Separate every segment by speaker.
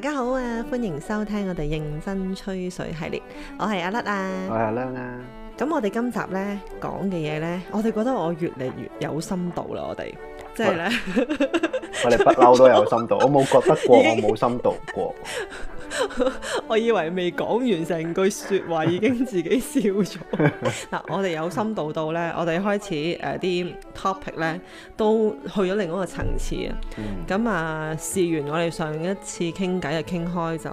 Speaker 1: 大家好啊！歡迎收聽我哋認真吹水系列，我係阿粒啊，我係阿亮啊。咁我哋今集咧講嘅嘢咧，我哋覺得我越嚟越有深度啦。我哋即係咧，我哋不嬲都有深
Speaker 2: 度，我冇覺得過，我冇深度
Speaker 1: 過。 我以為未講完成句說話已經自己笑咗嗱，， 我哋有深度到咧，我哋開始誒啲、呃、topic 咧都去咗另一個層次、嗯嗯、啊。咁啊，試完我哋上一次傾偈啊，傾開就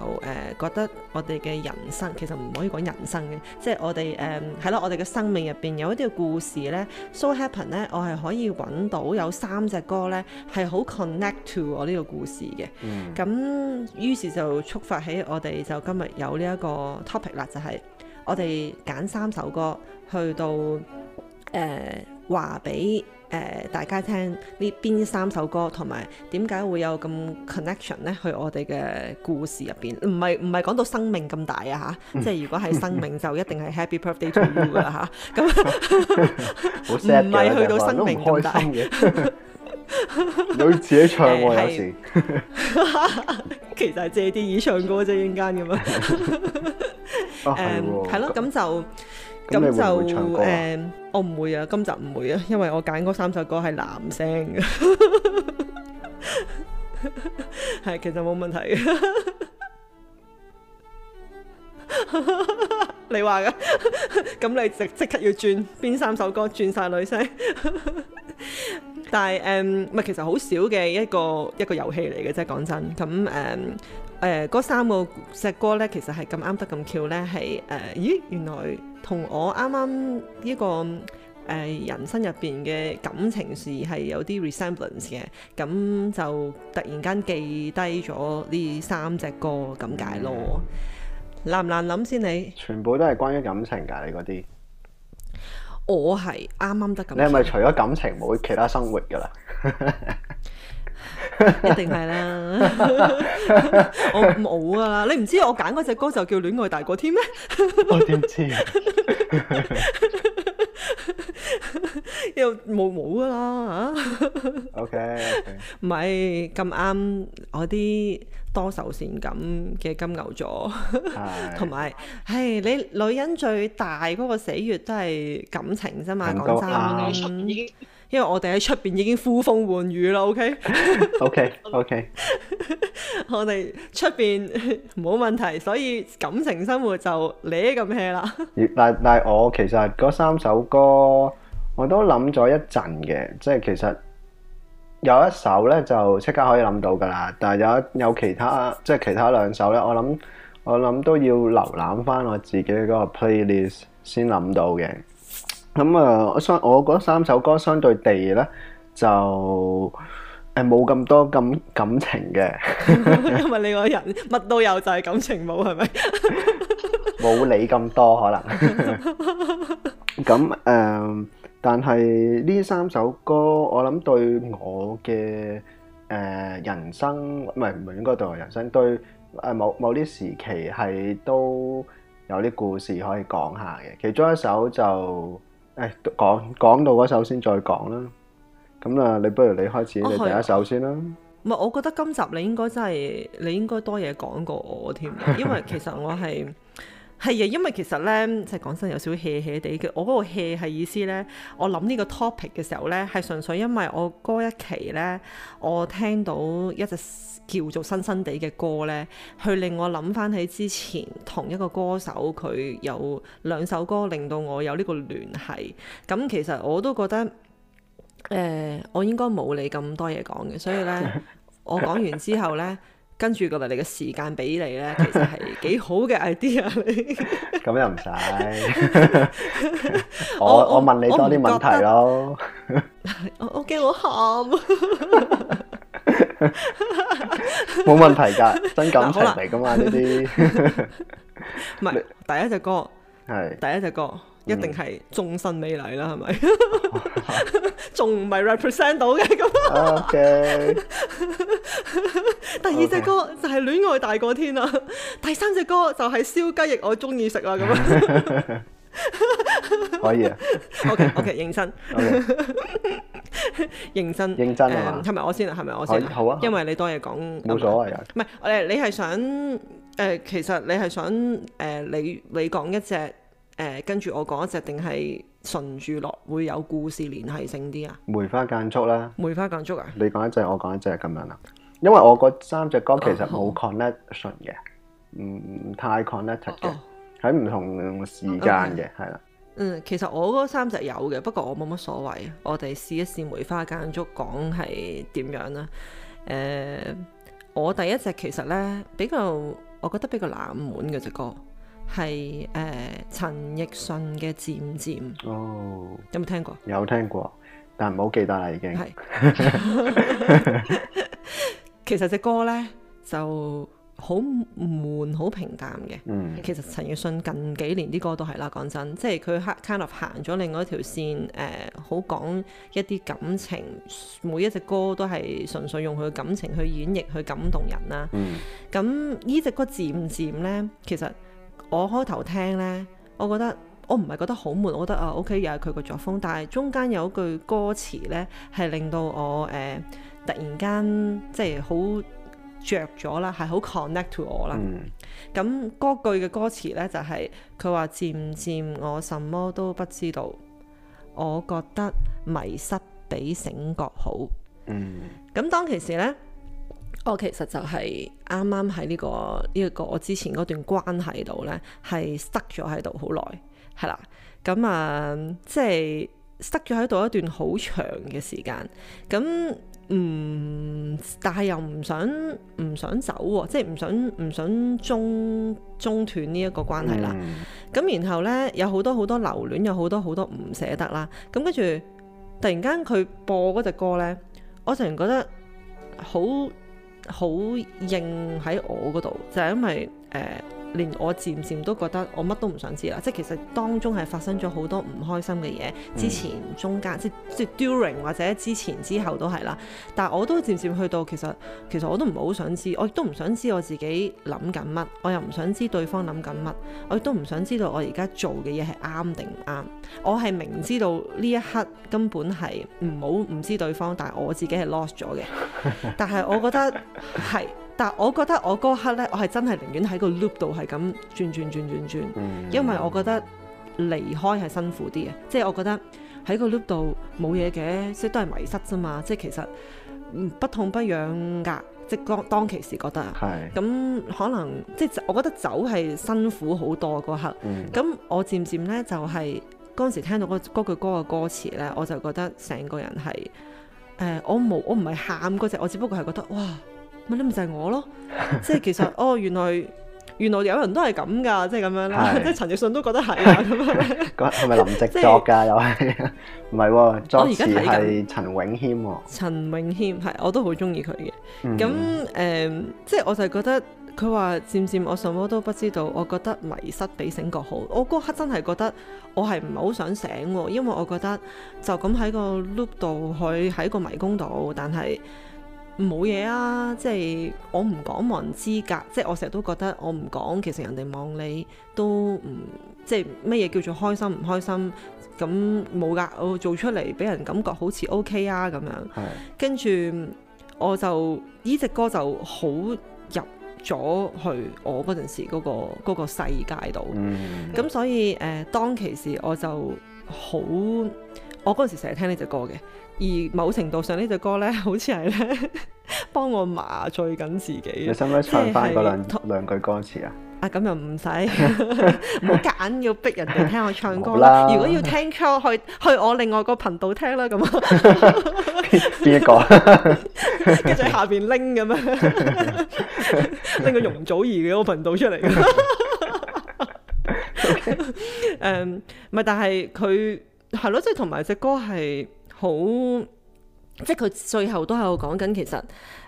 Speaker 1: 誒覺得我哋嘅人生其實唔可以講人生嘅，即係我哋誒係啦，我哋嘅生命入邊有一啲故事咧，so happen 咧，我係可以揾到有三隻歌咧係好 connect to 我呢個故事嘅。咁於、嗯嗯、是就觸發起。我哋就今日有呢一個 topic 啦，就係、是、我哋揀三首歌去到誒話俾。呃誒、呃，大家聽呢邊三首歌，同埋點解會有咁 connection 咧？去我哋嘅故事入邊，唔係唔係講到生命咁大啊？吓，即係如果係生命 就一定係 Happy Birthday to you 啦、啊、吓，咁唔係去到生命咁大，你自己唱我有時， 呃、是 其實借啲耳唱歌啫，一陣間咁樣，誒，係咯，咁就。
Speaker 2: 咁就誒，
Speaker 1: 我唔會啊，今集唔會啊，因為我揀嗰三首歌係男聲嘅，係其實冇問題嘅。 你話噶，咁你即即刻要轉邊三首歌轉晒女聲？ 但係誒，係，其實好少嘅一個一個遊戲嚟嘅啫。講真，咁誒誒，嗰、嗯呃、三個隻歌咧，其實係咁啱得咁巧咧，係誒、呃，咦，原來同我啱啱呢個誒、呃、人生入邊嘅感情事係有啲 resemblance 嘅。咁就突然間記低咗呢三隻歌咁解咯。難唔難諗先？你
Speaker 2: 全部都係關於感情噶，你嗰啲。
Speaker 1: 我係啱啱得咁。你係咪除
Speaker 2: 咗感情冇其他生活噶啦？
Speaker 1: 一定係啦。我冇啊！你唔知我揀嗰隻歌就叫《戀愛大過天》咩？我點知？又冇冇噶啦吓？OK OK。唔係咁啱，我啲。多愁善感嘅金牛座，同埋，唉，你女人最大嗰個死穴都係感情啫嘛，講真。因為我哋喺出邊已經呼風喚雨啦
Speaker 2: ，OK？OK，OK。
Speaker 1: 我哋出邊冇問題，所以感情生活就咧咁 hea
Speaker 2: 啦。但但係我其實嗰三首歌，我都諗咗一陣嘅，即係其實。有一首咧就即刻可以諗到噶啦，但係有有其他即係其他兩首咧，我諗我諗都要瀏覽翻我自己嗰個 playlist 先諗到嘅。咁啊，我相我嗰三首歌相對地咧就誒冇咁多咁感情嘅，
Speaker 1: 因為你個人乜都有就係感情冇係咪？
Speaker 2: 冇你咁多可能。咁誒。但係呢三首歌，我諗對我嘅，誒，人生，唔係，唔應該對我人生，對誒某某啲時期係都有啲故事可以講下嘅。其中一首就誒，講講到嗰首先再講啦。咁啊，你不如你開始你第一首先啦。
Speaker 1: 唔係，我覺得今集你應該真係你應該多嘢講過我添，因為其實我係。係啊，因為其實咧，即係講真，真有少少 hea hea 地嘅，我嗰個 hea 係意思咧，我諗呢個 topic 嘅時候咧，係純粹因為我嗰一期咧，我聽到一隻叫做《新新地》嘅歌咧，去令我諗翻起之前同一個歌手佢有兩首歌，令到我有呢個聯繫。咁其實我都覺得，誒、呃，我應該冇你咁多嘢講嘅，所以咧，我講完之後咧。 跟住個嚟，你嘅時間比例咧，其實係幾好嘅 idea 你。你
Speaker 2: 咁又唔使， 我我，
Speaker 1: 我，我問你多啲問題咯。我我驚我喊，冇 問題噶，真感情嚟噶嘛呢啲。唔係、啊、 第一隻歌，係是第一隻歌。一定係終身美麗啦，係咪？仲唔係 represent 到嘅咁？O K，第二隻歌就係戀愛大過天啦， 第三隻歌就係燒雞翼我中意食啦，咁 樣 可以啊？O K O K，認真，Okay. 認真，認真係咪、uh, 我先啊？係咪我先？好啊，因為你多嘢講，冇所謂啊。唔係，誒，你係想誒、呃，其實你係想誒、呃，你你講一隻。誒，跟住、呃、我講一隻，定係順住落會有故事連繫性啲啊？
Speaker 2: 梅花間竹啦，
Speaker 1: 梅花間竹啊？
Speaker 2: 你講一隻，我講一隻，咁樣啊？因為我嗰三隻歌其實冇 connection 嘅，唔、哦、太 connected 嘅，喺唔、哦、同時間嘅，係啦、哦。Okay. 的嗯，
Speaker 1: 其實我嗰三隻有嘅，不過我冇乜所謂。我哋試一試梅花間竹講係點樣啦。誒、嗯，我第一隻其實咧比較，我覺得比較冷門嘅隻歌。係誒，陳、呃、奕迅嘅《漸漸》哦，有冇聽過？
Speaker 2: 有聽過，但唔好記得啦，已經。係，
Speaker 1: 其實隻歌咧就好悶、好平淡嘅。嗯，其實陳奕迅近,近幾年啲歌都係啦，講真，即係佢黑 k i 行咗另外一條線，誒、呃，好講一啲感情，每一隻歌都係純粹用佢嘅感情去演繹去感動人啦、啊。嗯，咁呢隻歌《漸漸》咧，其實。我開頭聽呢，我覺得我唔係覺得好悶，我覺得啊 OK 又係佢個作風，但係中間有一句歌詞呢，係令到我誒、呃、突然間即係好着咗啦，係好 connect to 我啦。咁嗰、嗯、句嘅歌詞呢，就係佢話漸漸我什麼都不知道，我覺得迷失比醒覺好。嗯，咁當其時呢。不我、okay, 其實就係啱啱喺呢個呢一、這個我之前嗰段關係度咧，係塞咗喺度好耐，係啦，咁、嗯嗯、啊，即係塞咗喺度一段好長嘅時間。咁唔，但係又唔想唔想走，即係唔想唔想中中斷呢一個關係啦。咁、嗯、然後咧，有好多好多留戀，有好多好多唔捨得啦。咁跟住突然間佢播嗰隻歌咧，我突然覺得好。好硬喺我嗰度，就係、是、因為誒。呃連我漸漸都覺得我乜都唔想知啦，即係其實當中係發生咗好多唔開心嘅嘢，嗯、之前、中間、即即 during 或者之前之後都係啦。但係我都漸漸去到其實其實我都唔好想知，我亦都唔想知我自己諗緊乜，我又唔想知對方諗緊乜，我亦都唔想知道我而家做嘅嘢係啱定唔啱。我係明知道呢一刻根本係唔好唔知對方，但係我自己係 lost 咗嘅。但係我覺得係。 但我覺得我嗰刻咧，我係真係寧願喺個 loop 度係咁轉轉轉轉轉，嗯、因為我覺得離開係辛苦啲嘅，即係我覺得喺個 loop 度冇嘢嘅，即、嗯、都係迷失啫嘛，即係其實不痛不癢㗎，嗯、即係當當其時覺得。係、嗯。咁可能即係我覺得走係辛苦好多嗰刻。嗯。咁我漸漸呢，就係嗰陣時聽到嗰句歌嘅歌、歌詞呢，我就覺得成個人係誒、呃、我冇我唔係喊嗰隻，我只不過係覺得哇～咪你咪就係我咯， 即係其實哦，原來原來有人都係咁噶，即係咁樣啦， 即係陳奕迅都覺得係啊，咁樣
Speaker 2: 係咪林夕作噶又係？唔係，作詞係陳永謙、哦。
Speaker 1: 陳永謙係，我都好中意佢嘅。咁誒、mm hmm. 嗯，即係我就係覺得佢話漸漸我什麼都不知道，我覺得迷失比醒覺好。我嗰刻真係覺得我係唔係好想醒、啊，因為我覺得就咁喺個 loop 度，去喺個迷宮度，但係。冇嘢啊！即、就、係、是、我唔講冇人知㗎，即、就、係、是、我成日都覺得我唔講，其實人哋望你都唔即係乜嘢叫做開心唔開心？咁冇㗎，我做出嚟俾人感覺好似 OK 啊咁樣。跟住是的 我就呢隻歌就好入咗去我嗰陣時嗰、那個那個世界度。咁、嗯、所以誒、呃，當其時我就好，我嗰陣時成日聽呢隻歌嘅。而某程度上呢隻歌咧，好似係咧，幫我麻醉緊自己。你使唔使唱翻嗰兩
Speaker 2: 兩句歌詞啊？
Speaker 1: 啊，咁又唔使，唔好夾硬要逼人哋聽我唱歌啦。如果要聽歌，去去我另外個頻道聽啦。咁啊，
Speaker 2: 邊一個？跟住下邊拎，咁樣，拎個容祖兒嘅個頻道出嚟。
Speaker 1: 誒，唔係，但係佢係咯，即係同埋隻歌係。好，即係佢最後都係講緊，其實誒、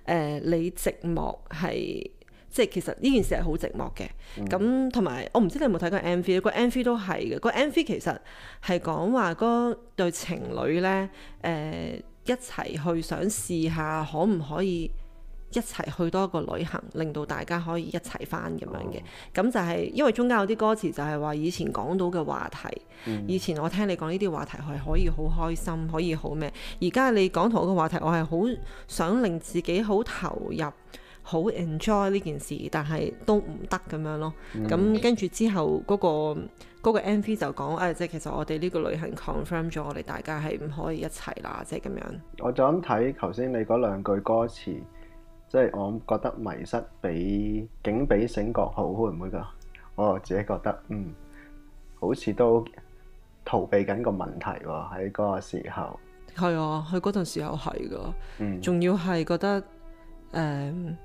Speaker 1: 呃、你寂寞係，即係其實呢件事係好寂寞嘅。咁同埋我唔知你有冇睇過 MV 咧，個 MV 都係嘅。個 MV 其實係講話嗰對情侶咧，誒、呃、一齊去想試下可唔可以，一齊去多一個旅行，令到大家可以一齊返咁樣嘅。咁就係因為中間有啲歌詞就係話以前講到嘅話題。Mm. 以前我聽你講呢啲話題係可以好開心，可以好咩？而家你講同我個話題，我係好想令自己好投入、好 enjoy 呢件事，但係都唔得咁樣咯。咁跟住之後嗰、個嗰個 MV 就講誒，即、哎、係其實我哋呢個旅行 confirm 咗，我哋大家係唔可以一齊啦，即係咁樣。
Speaker 2: 我就咁睇頭先你嗰兩句歌詞。即係我覺得迷失比警比醒覺好，會唔會噶？我自己覺得嗯，好似都逃避緊個問題喎。喺嗰個時候
Speaker 1: 係啊，佢嗰陣時候係噶，仲、嗯、要係覺得誒、嗯，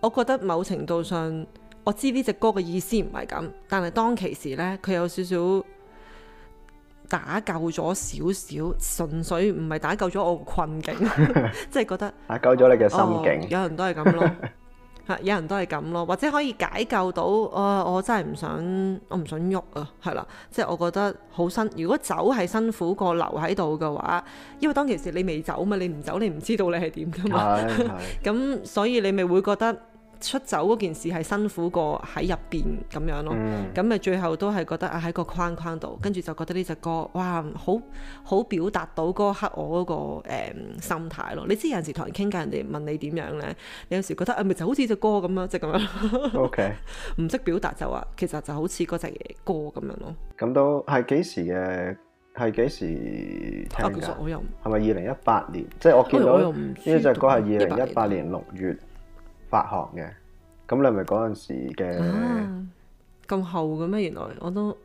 Speaker 1: 我覺得某程度上，我知呢隻歌嘅意思唔係咁，但係當其時咧，佢有少少。打救咗少少，純粹唔係打救咗我困境， 即係覺得
Speaker 2: 打救咗你嘅心境、 哦。有人都係咁咯，
Speaker 1: 吓有人都係咁咯，或者可以解救到，啊、哦、我真係唔想，我唔想喐啊，係啦，即係我覺得好辛。如果走係辛苦過留喺度嘅話，因為當其時你未走嘛，你唔走你唔知道你係點噶嘛，咁所以你咪會覺得。出走嗰件事係辛苦過喺入邊咁樣咯，咁咪、嗯、最後都係覺得啊喺個框框度，跟住就覺得呢隻歌哇好好表達到嗰刻我嗰個誒心態咯。你知有陣時同人傾偈，人哋問你點樣咧，你有時覺得啊咪、哎、就好似隻歌咁樣，即係咁樣。OK，唔識表達就話，其實就好似嗰隻歌咁樣咯。
Speaker 2: 咁都係幾時嘅？係幾時聽嘅？啊、其實我又係咪二零一八年？嗯嗯、即係我見到呢隻歌係二零一八年六月。啊發行嘅，咁你係咪嗰陣時嘅？
Speaker 1: 咁後嘅咩？原來我都，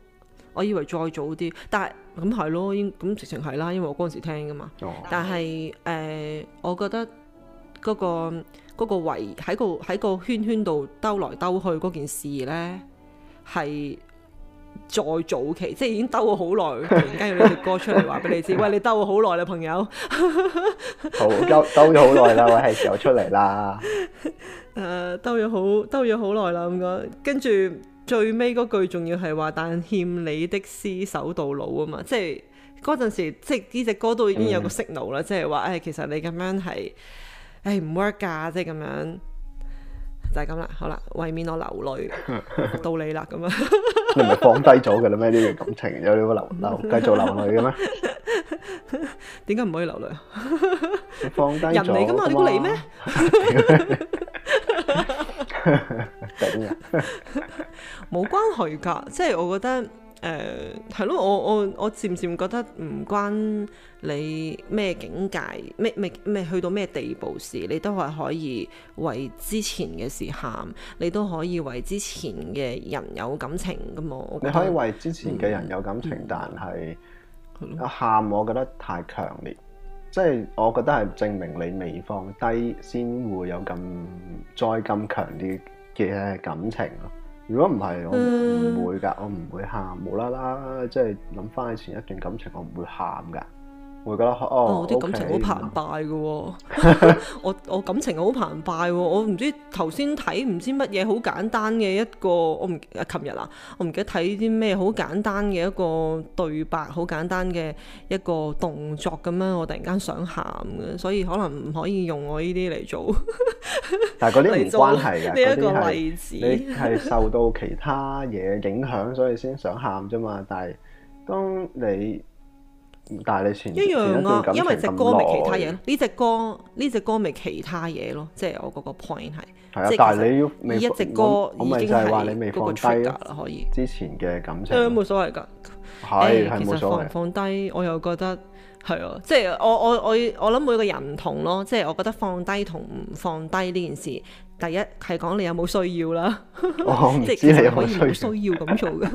Speaker 1: 我以為再早啲，但係咁係咯，咁直情係啦，因為我嗰陣時聽噶嘛。哦、但係誒、呃，我覺得嗰、嗰個嗰、嗰個圍喺個喺個圈圈度兜來兜去嗰件事呢，係。再早期，即係已經兜咗好耐，突然間，有呢隻歌出嚟，話俾你知，喂，你兜我好耐啦，朋友， 好兜
Speaker 2: 兜咗好耐啦，我係時候出嚟啦，
Speaker 1: 誒、 啊，兜咗好，兜咗好耐啦，咁、那、講、個，跟住最尾嗰句，仲要係話，但欠你的廝守到老啊嘛，即係嗰陣時，即係呢隻歌都已經有個 signal 啦，嗯、即係話，誒、哎，其實你咁樣係，誒唔 work 噶，即係咁樣。就係咁啦，好啦，為免我流淚，到你啦咁樣，
Speaker 2: 你唔係放低咗㗎啦咩？呢段感情有冇流
Speaker 1: 流，繼續流淚嘅咩？點解唔可以流淚？你放低人嚟噶嘛？你唔你咩？冇 關係噶，即係我覺得。誒係咯，我我我漸漸覺得唔關你咩境界，咩咩咩去到咩地步時，你都係可以為之前嘅事喊，你都可以為之前嘅人有感情噶嘛。我覺得你可以為
Speaker 2: 之前嘅人有感情，但係喊我覺得太強烈，即係、嗯、我覺得係證明你未放低，先會有咁再咁強烈嘅感情咯。如果唔係我唔會噶，我唔會喊，無啦啦，即係諗翻起前一段感情，我唔會喊噶。我會覺得哦，哦，我啲感情好澎
Speaker 1: 湃嘅喎， 我我感情好澎湃喎，我唔知頭先睇唔知乜嘢好簡單嘅一個，我唔啊琴日啊，我唔記得睇啲咩好簡單嘅一個對白，好簡單嘅一個動作咁樣，我突然間想喊嘅，所以可能唔可以用我呢啲嚟做，但係嗰啲唔關係嘅，嗰啲係你係受
Speaker 2: 到其他嘢影響，所以先想喊啫嘛。但係當你。但係你前一樣啊，因為隻歌咪其他嘢，
Speaker 1: 呢隻、啊、歌呢隻歌咪其他嘢咯，即係我嗰個 point 係。係啊，但係你要呢隻歌已經係嗰個 trigger 啦，
Speaker 2: 可以。之前嘅感情。冇、
Speaker 1: 啊、所謂㗎。係，係冇所謂。欸、放唔放低，啊、我又覺得係啊，即係我我我我諗每個人唔同咯，即係我覺得放低同唔放低呢件事。第一係講你有冇需要啦， 即係其實可以冇需要咁做嘅，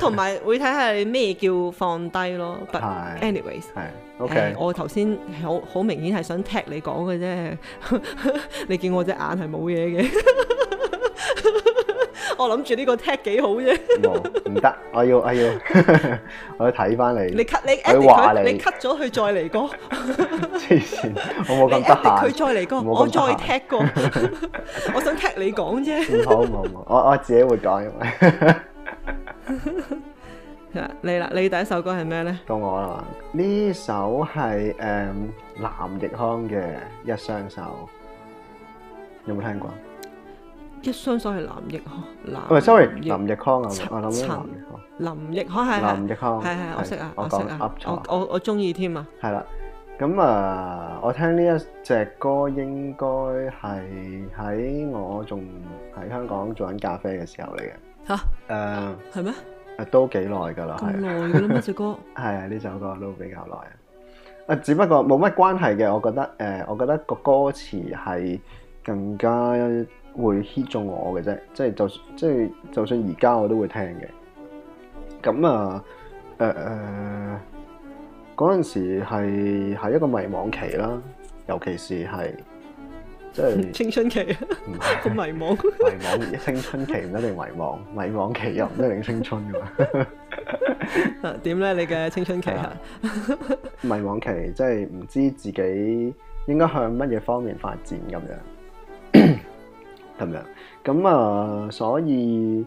Speaker 1: 同 埋會睇下你咩叫放低咯。But anyways，係 OK， 哎、我頭先好好明顯係想踢你講嘅啫， 你見我隻眼係冇嘢嘅。 我諗住呢個 tag 幾好啫，
Speaker 2: 唔得，我要我要我要睇翻，你，你 cut 你 at 佢，你 cut
Speaker 1: 咗佢再嚟過，黐
Speaker 2: 綫，我冇咁得閒，佢再嚟過，我再 tag 過，
Speaker 1: 我想 tag 你講啫，唔好唔好唔
Speaker 2: 好，我我自己會講。因為，你啦，你第一首歌係咩咧？到我啦嘛。呢首係誒藍奕康嘅一雙手，有冇聽過？
Speaker 1: 一雙手係林奕康，唔係 sorry，
Speaker 2: 林奕康啊，我諗林林奕康係
Speaker 1: 係我識啊，我識啊，我我我中意添啊。
Speaker 2: 係啦，咁啊，我聽呢一隻歌應該係喺我仲喺香港做緊咖啡嘅時候嚟嘅吓。
Speaker 1: 誒係咩？
Speaker 2: 誒都幾耐㗎啦，咁耐㗎啦，呢隻歌係啊，呢首歌都比較耐啊。啊，只不過冇乜關係嘅，我覺得誒，我覺得個歌詞係更加。會 hit 中我嘅啫，即係就即係，就算而家我都會聽嘅。咁啊，誒、呃、誒，嗰、呃、陣時係係一個迷惘期啦，尤其是係即係
Speaker 1: 青春期好迷
Speaker 2: 茫，迷茫青春期唔一定迷惘，迷惘期又唔一定青春噶嘛。
Speaker 1: 啊，點咧？你嘅青春期啊？
Speaker 2: 是 迷惘惑、啊、期即係唔知自己應該向乜嘢方面發展咁樣。咁樣，咁、嗯、啊，所以誒、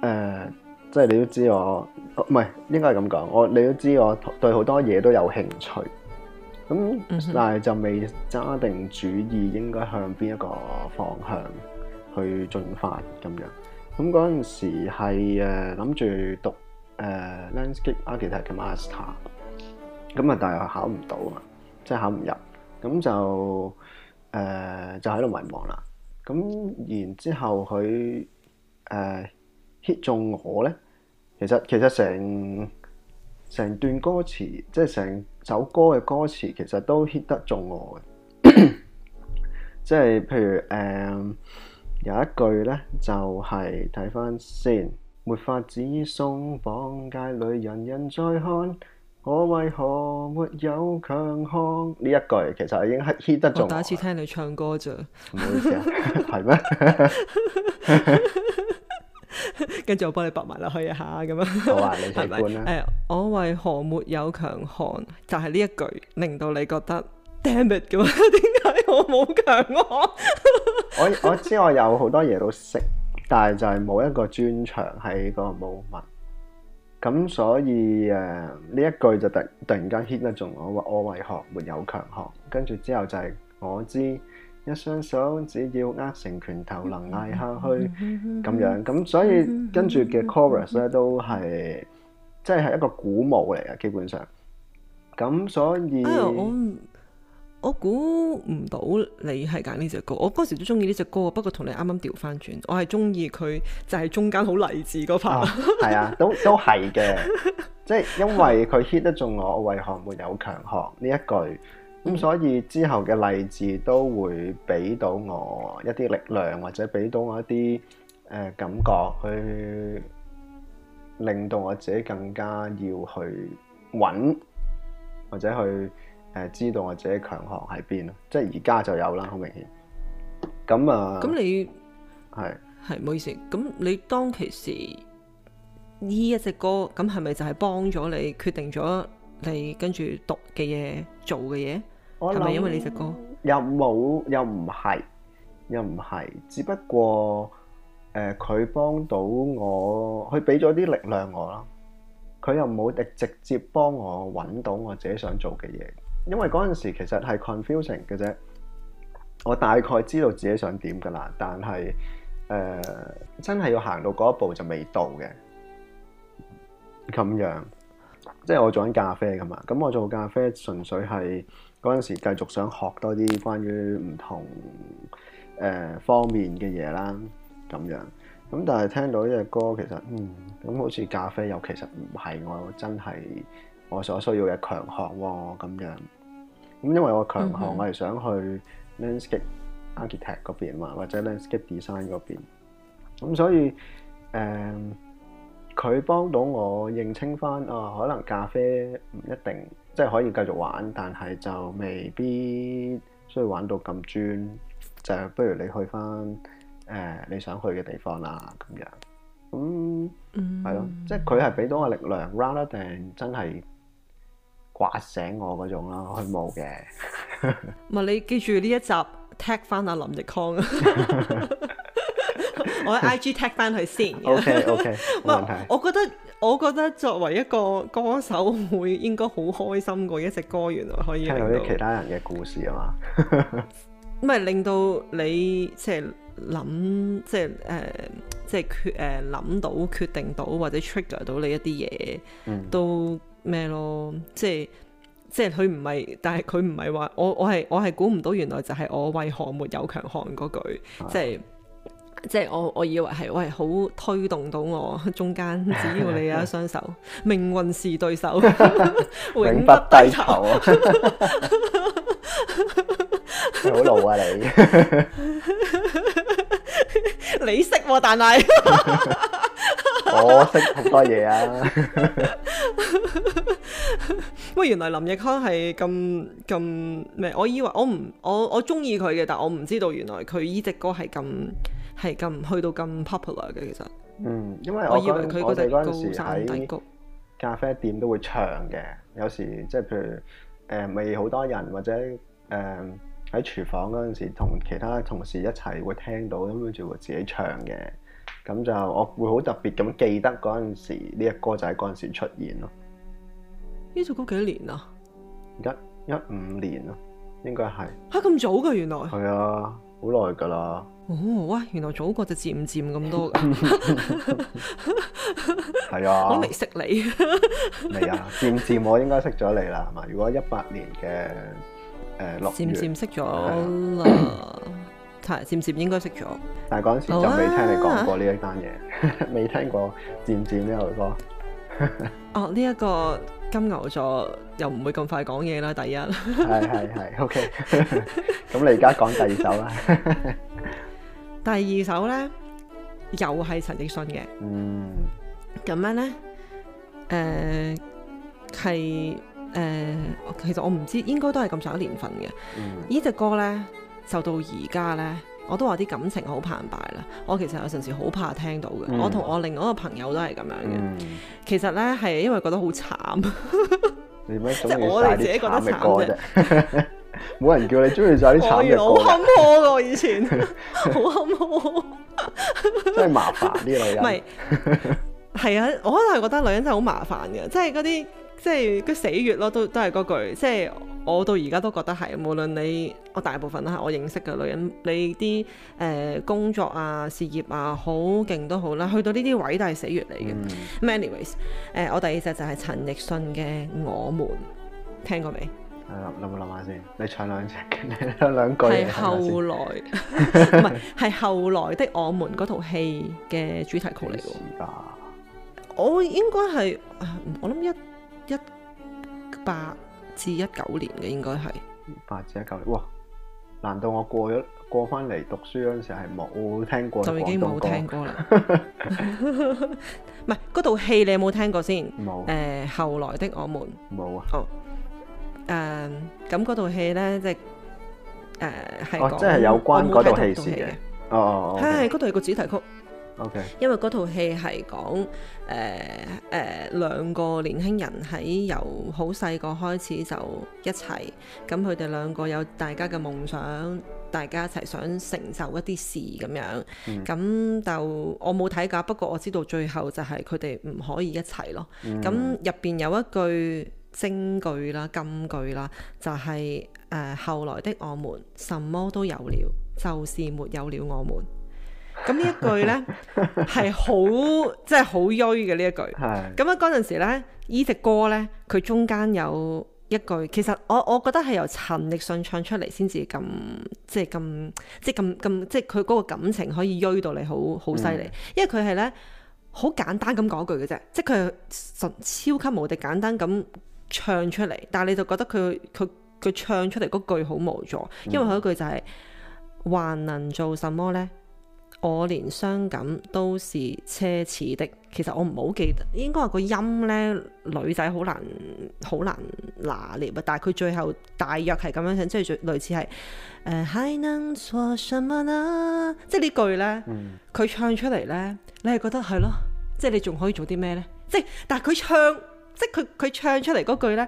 Speaker 2: 呃，即係你都知我，唔、哦、係、呃、應該係咁講。我你都知我對好多嘢都有興趣，咁但係就未揸定主意應該向邊一個方向去進發咁樣。咁嗰陣時係誒諗住讀誒、呃、landscape architect 嘅 master，咁啊，但係佢考唔到啊，即係考唔入，咁就誒、呃、就喺度迷茫啦。咁然之後佢誒、uh, hit 中我咧，其實其實成成段歌詞，即係成首歌嘅歌詞，其實都 hit 得中我嘅。 即係譬如誒、uh, 有一句咧，就係睇翻先看看，沒法子鬆綁，街裡人人在看。我為何沒有強項呢一句，其實已經係 hit 得咗。第一
Speaker 1: 次聽你唱歌咋？唔好意思啊，係咩？跟住我幫你駁埋落去一下咁樣。好啊，你習慣啦。誒、哎，我為何沒有強項？就係呢一句，令到你覺得 dammit 咁，點 解我冇
Speaker 2: 強項？我我知我有好多嘢都識，但係就係冇一個專長喺個冇文。咁所以誒呢一句就突突然間 hit 得中我，我為何沒有強項？跟住之後就係我知一雙手只要握成拳頭能捱下去咁樣。咁所以跟住嘅 chorus 咧都係即係一個鼓舞嚟嘅，基本上。咁所以。
Speaker 1: 我估唔到你係揀呢隻歌，我嗰時都中意呢隻歌，不過同你啱啱調翻轉，我係、就是、中意佢就係中間好勵志嗰 part 係啊，都
Speaker 2: 都係嘅，
Speaker 1: 即係因為
Speaker 2: 佢 hit 得中我，我為何沒有強項呢一句，咁、嗯、所以之後嘅勵志都會俾到我一啲力量，或者俾到我一啲誒、呃、感覺去令到我自己更加要去搵或者去。誒，知道我自己強項喺邊咯，即係而家就有啦，好明顯。咁、嗯、啊，咁你
Speaker 1: 係係唔好意思。咁你當其時呢一隻歌，咁係咪就係幫咗你決定咗你跟住讀嘅嘢，做嘅嘢？係咪想因為呢隻歌
Speaker 2: 又冇，又唔係，又唔係，只不過誒，佢、呃、幫到我，佢俾咗啲力量我啦。佢又冇直接幫我搵到我自己想做嘅嘢。因為嗰陣時其實係 confusing 嘅啫，我大概知道自己想點嘅啦，但係誒、呃、真係要行到嗰一步就未到嘅咁樣。即係我做緊咖啡嘅嘛，咁我做咖啡純粹係嗰陣時繼續想學多啲關於唔同誒、呃、方面嘅嘢啦，咁樣。咁但係聽到呢隻歌，其實嗯，咁好似咖啡又其實唔係我真係。我所需要嘅強項喎、哦，咁樣，咁因為我強項，mm hmm. 我係想去 landscape architect 嗰邊嘛，或者 landscape design 嗰邊，咁、嗯、所以誒佢、嗯、幫到我認清翻啊、哦，可能咖啡唔一定即係、就是、可以繼續玩，但係就未必需要玩到咁專，就不如你去翻誒、呃、你想去嘅地方啦，咁樣，咁係咯，即係佢係俾到我力量，rather than 真係。刮醒我嗰種啦，佢冇
Speaker 1: 嘅。唔 係你記住呢一集 tag 翻阿林奕匡啊， 我喺 I G tag 翻佢先。O K O K。 我覺得我覺得作為一個歌手會應該好開心過，一隻歌原來可以令到聽到啲其他
Speaker 2: 人嘅故事啊嘛。咁
Speaker 1: 係令到你即係諗，即係誒，即係、呃、決誒諗、呃、到、決定到或者 trigger 到你一啲嘢，嗯、都。咩咯？即係即係佢唔係，但係佢唔係話我，我係我係估唔到，原來就係我為何沒有強項嗰句，啊、即係即係我我以為係我係，好推動到我中間，只要你有一雙手， 命運是對手， 永不低頭 啊！好老啊你， 你，你識但係。 我識好多嘢啊！喂， 原來林奕匡係咁咁咩？我以為我唔我我中意佢嘅，但我唔知道原來佢依隻歌係咁係咁去到咁 popular 嘅。其實，嗯，
Speaker 2: 因為我，我以為佢嗰陣時喺咖啡店都會唱嘅，有時即係譬如誒、咪、呃、好多人或者誒喺廚房嗰陣時同其他同事一齊會聽到，咁跟住會自己唱嘅。咁就我會好特別咁記得嗰陣時呢一首歌就喺嗰陣時出現咯。
Speaker 1: 呢首歌幾多年啊？而
Speaker 2: 家一五年咯，應該係
Speaker 1: 吓咁早噶原來。係
Speaker 2: 啊，好耐噶啦。
Speaker 1: 哦，哇，原來早過就漸漸咁多。係啊。我未識你。未啊，
Speaker 2: 漸漸我應該識咗你啦，係嘛？如果一八年嘅誒六月，漸漸識
Speaker 1: 咗啦。係，漸漸應該識咗，但
Speaker 2: 係嗰陣時就未聽你講過呢一單嘢，未聽過漸漸呢首歌。
Speaker 1: 哦，呢一個金牛座又唔會咁快講嘢啦，第一。係係係，OK。咁你而家講第二首啦。第二首咧，又係陳奕迅嘅。嗯。咁樣咧，誒，係誒，其實我唔知，應該都係咁上一年份嘅。嗯。呢隻歌咧。受到而家咧，我都話啲感情好澎湃啦。我其實有陣時好怕聽到嘅，嗯、我同我另外一個朋友都係咁樣嘅。嗯、其實咧係因為覺得好慘，即 係我哋自己覺得慘啫。
Speaker 2: 冇 人叫你中意晒啲慘嘅歌啫。
Speaker 1: 冇人 以前好 坎坷坡， 真係麻煩啲女人。唔 係，係啊，我係覺得女人真係好麻煩嘅，即係嗰啲，即係嗰死穴咯，都都係嗰句，即係。我到而家都覺得係，無論你我大部分都係，我認識嘅女人，你啲誒、呃、工作啊、事業啊，好勁都好啦，去到呢啲位都係死穴嚟嘅。咁、嗯、Anyways，誒、呃，我第二隻就係陳奕迅嘅《我們》，聽過未？
Speaker 2: 諗諗下先，你唱兩隻，你兩隻 兩句。係後來，唔係
Speaker 1: 係後來的我們嗰套戲嘅主題曲嚟㗎。我應該係，我諗一一,一,一八。至一九年嘅應該係，
Speaker 2: 八至一九年，哇！難道我過咗過翻嚟讀書嗰陣時係冇聽過，就已經冇聽過啦。
Speaker 1: 唔係，嗰套戲你有冇聽過先？冇。誒，後來的我們冇啊。哦。誒，咁嗰套戲咧，即係誒，係講即係有關嗰套戲嘅。哦哦哦。係，嗰套係個主題曲。Okay. 因為嗰套戲係講誒誒兩個年輕人喺由好細個開始就一齊，咁佢哋兩個有大家嘅夢想，大家一齊想成就一啲事咁樣，咁、嗯、就我冇睇㗎。不過我知道最後就係佢哋唔可以一齊咯。咁入邊有一句精句啦、金句啦，就係、是、誒、呃、後來的我們什麼都有了，就是沒有了我們。咁呢一句咧係好，即係好衰嘅呢 一句。咁啊嗰陣時咧，依隻歌咧，佢中間有一句，其實我我覺得係由陳奕迅唱出嚟先至咁，即係咁即係咁咁即係佢嗰個感情可以衰到你好好犀利，嗯、因為佢係咧好簡單咁講句嘅啫，即係佢神超級無敵簡單咁唱出嚟，但係你就覺得佢佢佢唱出嚟嗰句好無助，因為佢句就係、是、還能做什麼咧？我連傷感都是奢侈的。其實我唔好記得，應該話個音咧，女仔好難好難拿捏。但係佢最後大約係咁樣想，即係類似係。誒， uh, 還能做什麼呢？ 即係呢句呢，佢唱出嚟呢，你係覺得係咯？即係你仲可以做啲咩呢？即係，但係佢唱，即係佢佢唱出嚟嗰句呢，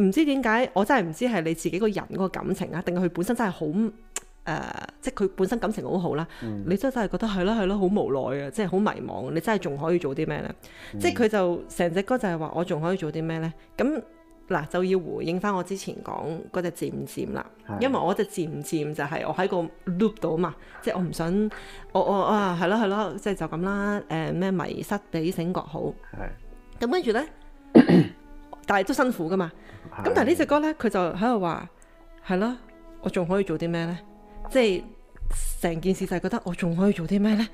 Speaker 1: 唔知點解，我真係唔知係你自己個人嗰個感情啊，定係佢本身真係好。誒，即係佢本身感情好好啦，你真真係覺得係咯係咯，好無奈啊，即係好迷茫。你真係仲可以做啲咩咧？即係佢就成隻歌就係話我仲可以做啲咩咧？咁嗱就要回應翻我之前講嗰隻漸漸啦，因為我隻漸漸就係我喺個 loop 度嘛，即係我唔想我我啊係咯係咯，即係就咁啦。誒咩迷失地醒覺好，咁跟住咧，但係都辛苦噶嘛。咁但係呢隻歌咧，佢就喺度話係咯，我仲可以做啲咩咧？即係成件事就係覺得我仲可以做啲咩咧？誒、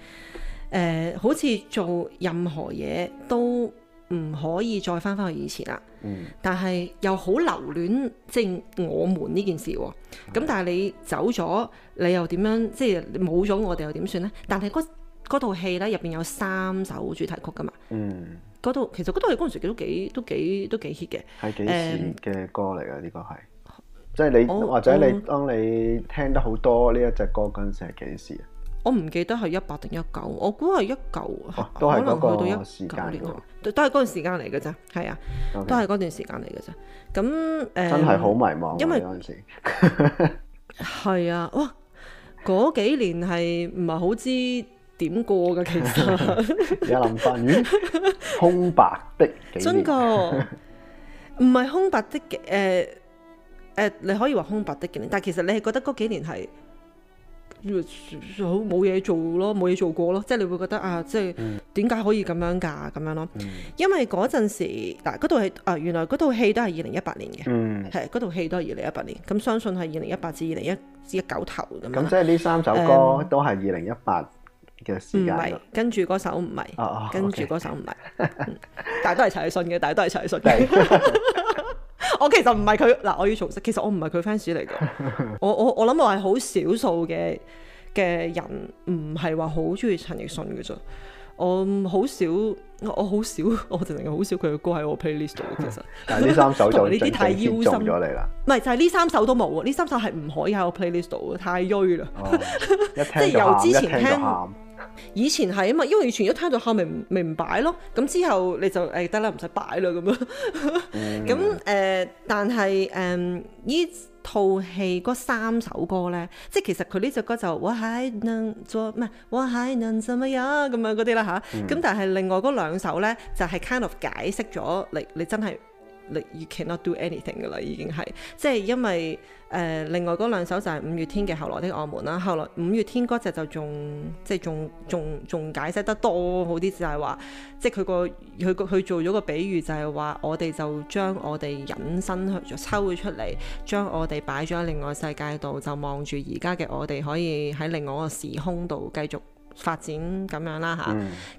Speaker 1: 呃，好似做任何嘢都唔可以再返返去以前啦、嗯就是啊。嗯。但係又好留戀，即係我們呢件事。咁但係你走咗，你又點樣？即係冇咗我哋又點算咧？但係嗰套戲咧入邊有三首主題曲噶嘛？嗯。嗰套其實嗰套戲嗰陣時都幾都幾都幾 hit 嘅。係幾前
Speaker 2: 嘅歌嚟噶呢個係？嗯即係你、oh, 或者你、oh, 當你聽得好多呢一隻歌嗰陣時係幾、哦、時啊？
Speaker 1: 我唔記得係一八定一九，我估係一九啊。都係嗰個時間，都係嗰段時間嚟嘅咋，係、嗯、啊，都係嗰段時間嚟嘅咋。咁誒，真係好迷茫啊！嗰陣為時係為 啊，哇！嗰幾年係唔係好知點過嘅？其實阿
Speaker 2: 林發語、嗯、空白的幾年，
Speaker 1: 真個唔係空白的嘅誒。 誒，uh, 你可以話空白的幾年，但其實你係覺得嗰幾年係冇嘢做咯，冇嘢做過咯，即係你會覺得啊，即係點解可以咁樣噶咁樣咯？因為嗰陣時，嗱、啊，嗰套戲啊，原來嗰套戲都係二零一八年嘅，係嗰套戲都係二零一八年，咁、嗯、相信係二零一八至二零一至一九頭咁。咁即係呢
Speaker 2: 三首歌都係二零一八嘅時間咯。嗯哦、
Speaker 1: 跟住嗰首唔係，跟住嗰首唔係，但係都係陳奕迅嘅，但係都係陳奕迅。 我其實唔係佢嗱，我要重申，其實我唔係佢 fans 嚟嘅。我我我諗我係好少數嘅嘅人，唔係話好中意陳奕迅嘅啫。我好少，我好少，我仲係好少佢嘅歌喺我 playlist 度。其實，呢 三首就呢啲太腰心咗你啦。唔係，就係、是、呢三首都冇啊！呢三首係唔可以喺我 playlist 度，太衰啦。即係由之前聽。以前係啊嘛，因為以前一聽到後咪咪唔擺咯。咁之後你就誒得啦，唔使擺啦咁樣。咁誒、 嗯嗯，但係誒呢套戲嗰三首歌咧，即係其實佢呢隻歌就是、我還能做，唔係我還能怎麼樣咁樣嗰啲啦吓。咁、嗯、但係另外嗰兩首咧，就係 kind of 解釋咗你你真係。你 you cannot do anything 嘅啦，已經係即係因為誒、呃，另外嗰兩首就係五月天嘅《後來的我們》啦。後來五月天嗰隻就仲即係仲仲仲解釋得多好啲，就係話即係佢個佢個佢做咗個比喻，就係話我哋就將我哋隱身去抽咗出嚟，將我哋擺咗喺另外世界度，就望住而家嘅我哋可以喺另外個時空度繼續發展咁樣啦吓。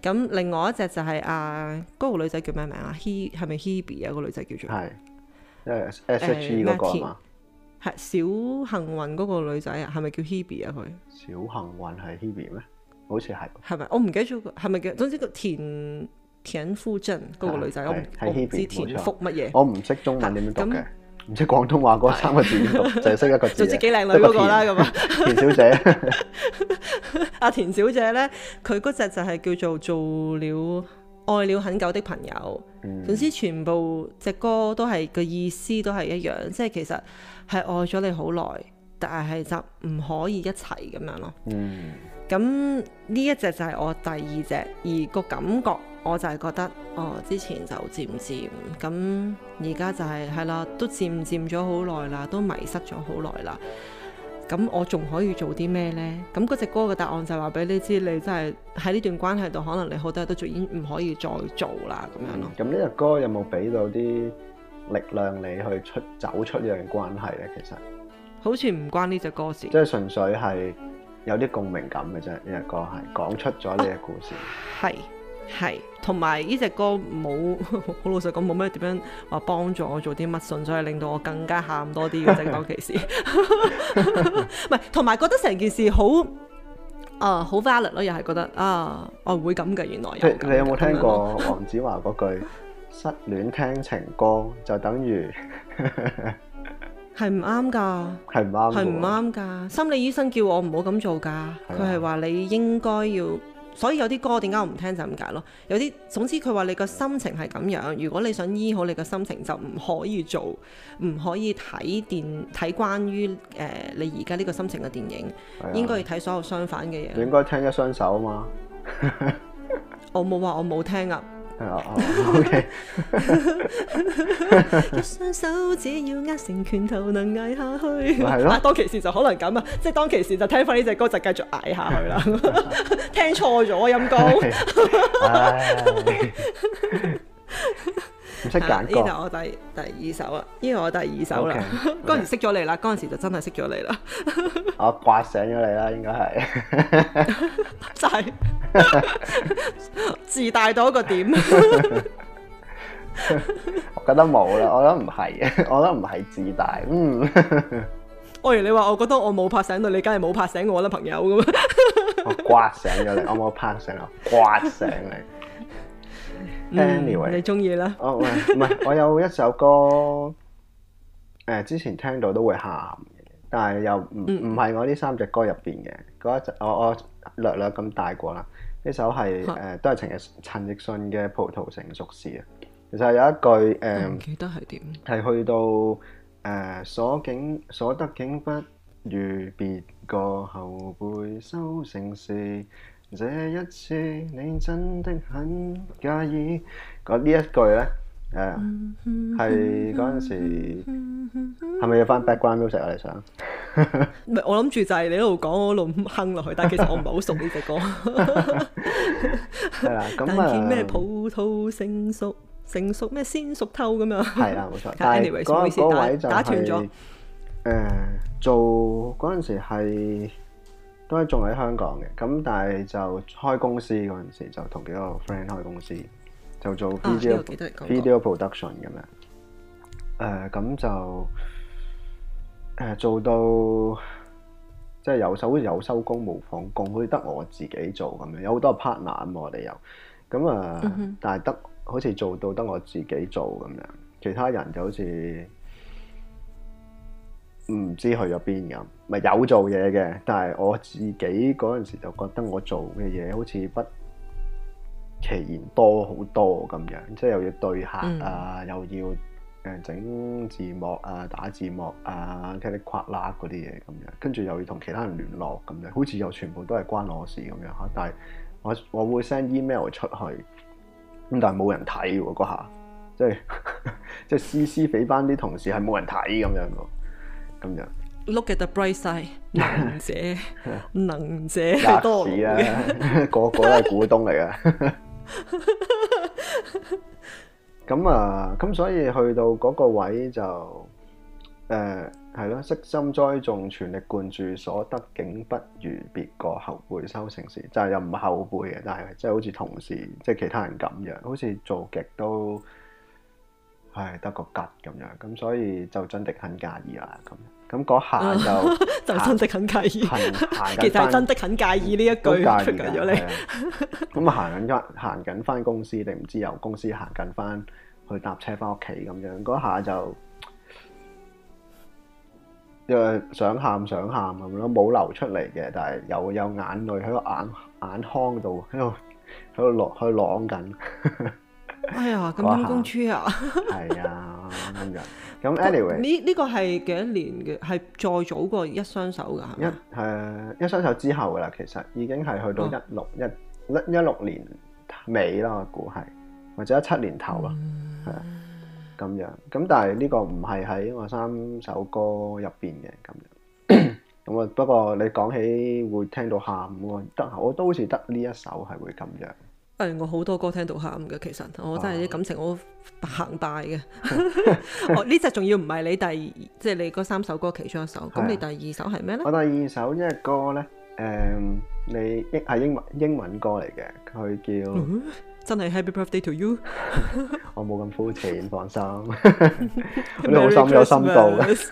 Speaker 1: 咁、啊嗯、另外一隻就係、是、啊嗰、那個女仔叫咩名啊？He 係咪 Hebe 啊？個女仔叫做係
Speaker 2: 誒 S.H.E 嗰、那個
Speaker 1: 啊係小幸運嗰個女仔啊，係咪叫 Hebe 啊佢？小幸運係 Hebe 咩？好似係係咪？我唔記得咗個係咪叫？總之個田田夫俊嗰個女仔，啊、我唔不 He 知田福乜嘢，錯我
Speaker 2: 唔識中文點樣讀嘅。啊唔識廣東話嗰三個字，就係識一個字啊！總之 幾靚女嗰、嗰個啦，咁啊，田小姐 。
Speaker 1: 阿 田小姐咧，佢嗰隻就係叫做做了愛了很久的朋友，嗯、總之全部隻歌都係個意思都係一樣，即係其實係愛咗你好耐，但係就唔可以一齊咁樣咯。嗯，咁呢一隻就係我第二隻，而個感覺。我就係覺得，哦，之前就漸漸咁，而、嗯、家就係、是、係啦，都漸漸咗好耐啦，都迷失咗好耐啦。咁、嗯、我仲可以做啲咩呢？咁嗰隻歌嘅答案就話俾你知，你真係喺呢段關係度，可能你好多嘢都做，已經唔可以再做啦，咁樣咯。咁呢隻
Speaker 2: 歌有冇俾到啲力量你去出走出呢樣關係呢？其實
Speaker 1: 好似唔關呢隻歌事，
Speaker 2: 即係純粹係有啲共鳴感嘅啫。呢隻歌係講出咗呢個故事，
Speaker 1: 係、啊。係，同埋呢隻歌冇好，老實講冇咩點樣話幫助我做啲乜，所以令到我更加喊多啲嘅，要正當其時。唔係，同埋覺得成件事好啊，好 valid 咯，又係覺得啊，我會咁嘅，原來有你。你有冇聽過
Speaker 2: 黃子華嗰句 失戀聽情歌就等於
Speaker 1: 係唔啱噶，
Speaker 2: 係唔啱，係唔啱
Speaker 1: 噶。心理醫生叫我唔好咁做噶，佢係話你應該要。所以有啲歌點解我唔聽就係、是、咁解咯。有啲總之佢話你個心情係咁樣，如果你想醫好你個心情就唔可以做，唔可以睇電睇關於誒、呃、你而家呢個心情嘅電影，應該要睇所有相反嘅嘢、哎。你應
Speaker 2: 該聽一雙手啊嘛。
Speaker 1: 我冇話我冇聽啊。哦，O K，一雙手只要握成拳頭，能捱下去。咪係咯，當其時就可能咁啊，即係當其時就聽翻呢隻歌就繼續捱下去啦。 聽錯咗音高。 唔識揀歌，呢個我第第二首啊，呢個我第二首啦。嗰 Okay, okay. 時識咗你啦，嗰陣時就真係識咗你啦。
Speaker 2: 我刮醒咗你啦，應該係就
Speaker 1: 係自大到一個點。
Speaker 2: 我覺得冇啦，我都唔係，我都唔係自大。嗯，
Speaker 1: 例如你話，我覺得我冇拍醒到你，梗係冇拍醒我啦，朋友咁。
Speaker 2: 我刮醒咗你，我冇拍醒我，刮醒你。Anyway, 嗯、你中意啦。哦、喂，唔係，我有一首歌，誒 之前聽到都會喊嘅，但係又唔唔係我呢三隻歌入邊嘅。嗰、嗯、一隻我我略略咁帶過啦。呢首係誒哈、呃、都係陳奕陳奕迅嘅《葡萄成熟時》啊。其實有一句誒，呃、唔記得係點？係去到誒、呃、所景所得景，不如別個後輩收成時。這一次你真的很介意，嗰呢一句咧，係嗰陣時係咪要翻 background music 啊？
Speaker 1: 你想？唔係，我諗住就係你一路講，我一路哼落去。但係其實我唔係好熟呢隻歌。係啦，咁啊，但係見咩葡萄成熟，成熟咩先熟透咁啊？係啦，冇錯。Anyway 嗰個打打斷咗。
Speaker 2: 誒，做嗰陣時係。都係仲喺香港嘅，咁但係就開公司嗰陣時就同幾個 friend 開公司，就做 video、哦那個、video production 咁樣。誒、呃、咁就誒、呃、做到即係有手有收工冇放工，好似得我自己做咁樣，樣，樣，有、呃嗯、哼好多 partner 咁，我哋有。咁啊，但係得好似做到得我自己做咁樣，其他人就好似。唔知去咗邊咁，咪有做嘢嘅。但係我自己嗰陣時就覺得我做嘅嘢好似不其然多好多咁樣，即係又要對客啊，嗯、又要誒整、呃、字幕啊、打字幕啊、聽啲框啦嗰啲嘢咁樣，跟住又要同其他人聯絡咁樣，好似又全部都係關我事咁樣吓。但係我我會 send email 出去，咁但係冇人睇喎嗰下，即係 即係私私俾班啲同事係冇人睇咁樣。今日
Speaker 1: look at the bright side，能者，能者多士啦，
Speaker 2: 個個都係股東嚟噶。咁啊，咁所以去到嗰個位就，誒，係咯，悉心栽種，全力灌注，所得竟不如別個後輩收成時。就係又唔係後輩嘅，但係即係好似同事，即係其他人咁樣，好似做極都。係得個吉咁樣，咁所以就真的很介意啦。咁咁嗰下就就真的很介意，其實真
Speaker 1: 的很介意呢一句出咗嚟。
Speaker 2: 咁啊行緊翻，行緊翻公司，定唔知由公司行緊翻去搭車翻屋企咁樣。嗰下就因為想喊想喊咁咯，冇流出嚟嘅，但係有有眼淚喺個眼眼眶度，喺度喺度落去擸緊。
Speaker 1: 哎呀，咁陰公吹啊！係啊，咁樣。
Speaker 2: 咁 anyway 呢
Speaker 1: 呢個係幾多年嘅？係再早過一雙手噶，係咪？一
Speaker 2: 誒，一雙手之後噶啦，其實已經係去到一六一一一六年尾啦，我估係或者一七年頭啦，係啊，咁樣。咁但係呢個唔係喺我三首歌入邊嘅，咁樣。咁啊，不過你講起會聽到喊，得我都好似得呢一首係會咁樣。
Speaker 1: 誒，我好多歌聽到喊嘅，其實我真係啲感情好澎湃嘅。我呢隻仲要唔係你第二，即係你嗰三首歌其中一首，咁你第二首係咩咧？我
Speaker 2: 第二首呢個歌咧，誒，你英係英文英文歌嚟嘅，佢叫
Speaker 1: 真係 Happy Birthday to You。
Speaker 2: 我冇咁膚淺，放心，你用心有深度嘅。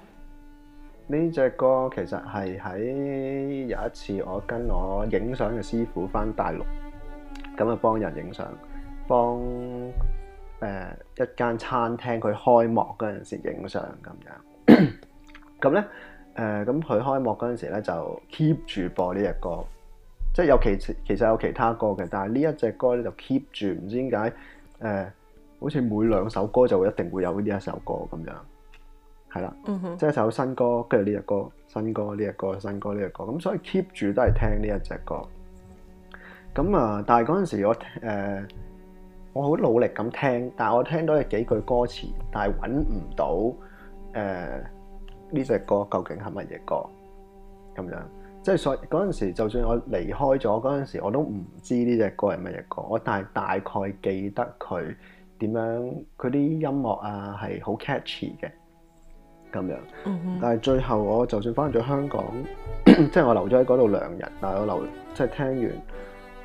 Speaker 2: 呢隻歌其實係喺有一次我跟我影相嘅師傅返大陸，咁啊幫人影相，幫誒、呃、一間餐廳佢開幕嗰陣時影相咁樣。咁咧誒，咁 佢、呃、開幕嗰陣時咧就 keep 住播呢隻歌，即係有其其實有其他歌嘅，但係呢一隻歌咧就 keep 住唔知點解誒，好似每兩首歌就會一定會有呢一首歌咁樣。係啦，嗯、哼即係首新歌，跟住呢隻歌，新歌呢隻歌，新歌呢隻歌，咁所以 keep 住都係聽呢一隻歌。咁啊，但係嗰陣時我誒、呃，我好努力咁聽，但我聽到有幾句歌詞，但係搵唔到誒呢隻歌究竟係乜嘢歌？咁樣，即係所以嗰陣時，就算我離開咗嗰陣時，我都唔知呢隻歌係乜嘢歌。我但係大概記得佢點樣，佢啲音樂啊係好 catchy 嘅。咁樣，但係最後我就算翻咗香港，即係、 就是、我留咗喺嗰度兩日。但係我留即係、就是、聽完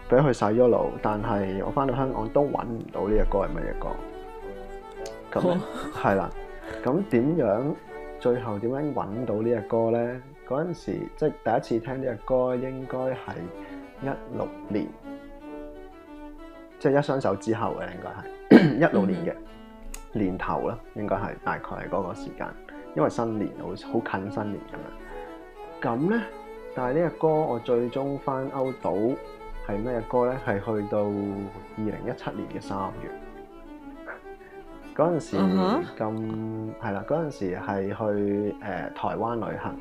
Speaker 2: 俾佢洗咗腦，但係我翻到香港都揾唔到呢隻歌係乜嘢歌，咁係啦。咁點樣，好樣最後點樣揾到呢隻歌咧？嗰陣時即係、就是、第一次聽呢隻歌，應該係一六年，即、就、係、是、一雙手之後嘅應該係一六年嘅年頭啦，應該係大概係嗰個時間。因為新年好好近新年咁啊，咁咧，但係呢個歌我最終翻歐島係咩歌咧？係去到二零一七年嘅三月嗰陣、那個、時咁，係啦、uh，嗰、huh. 陣、那個、時係去誒、呃、台灣旅行，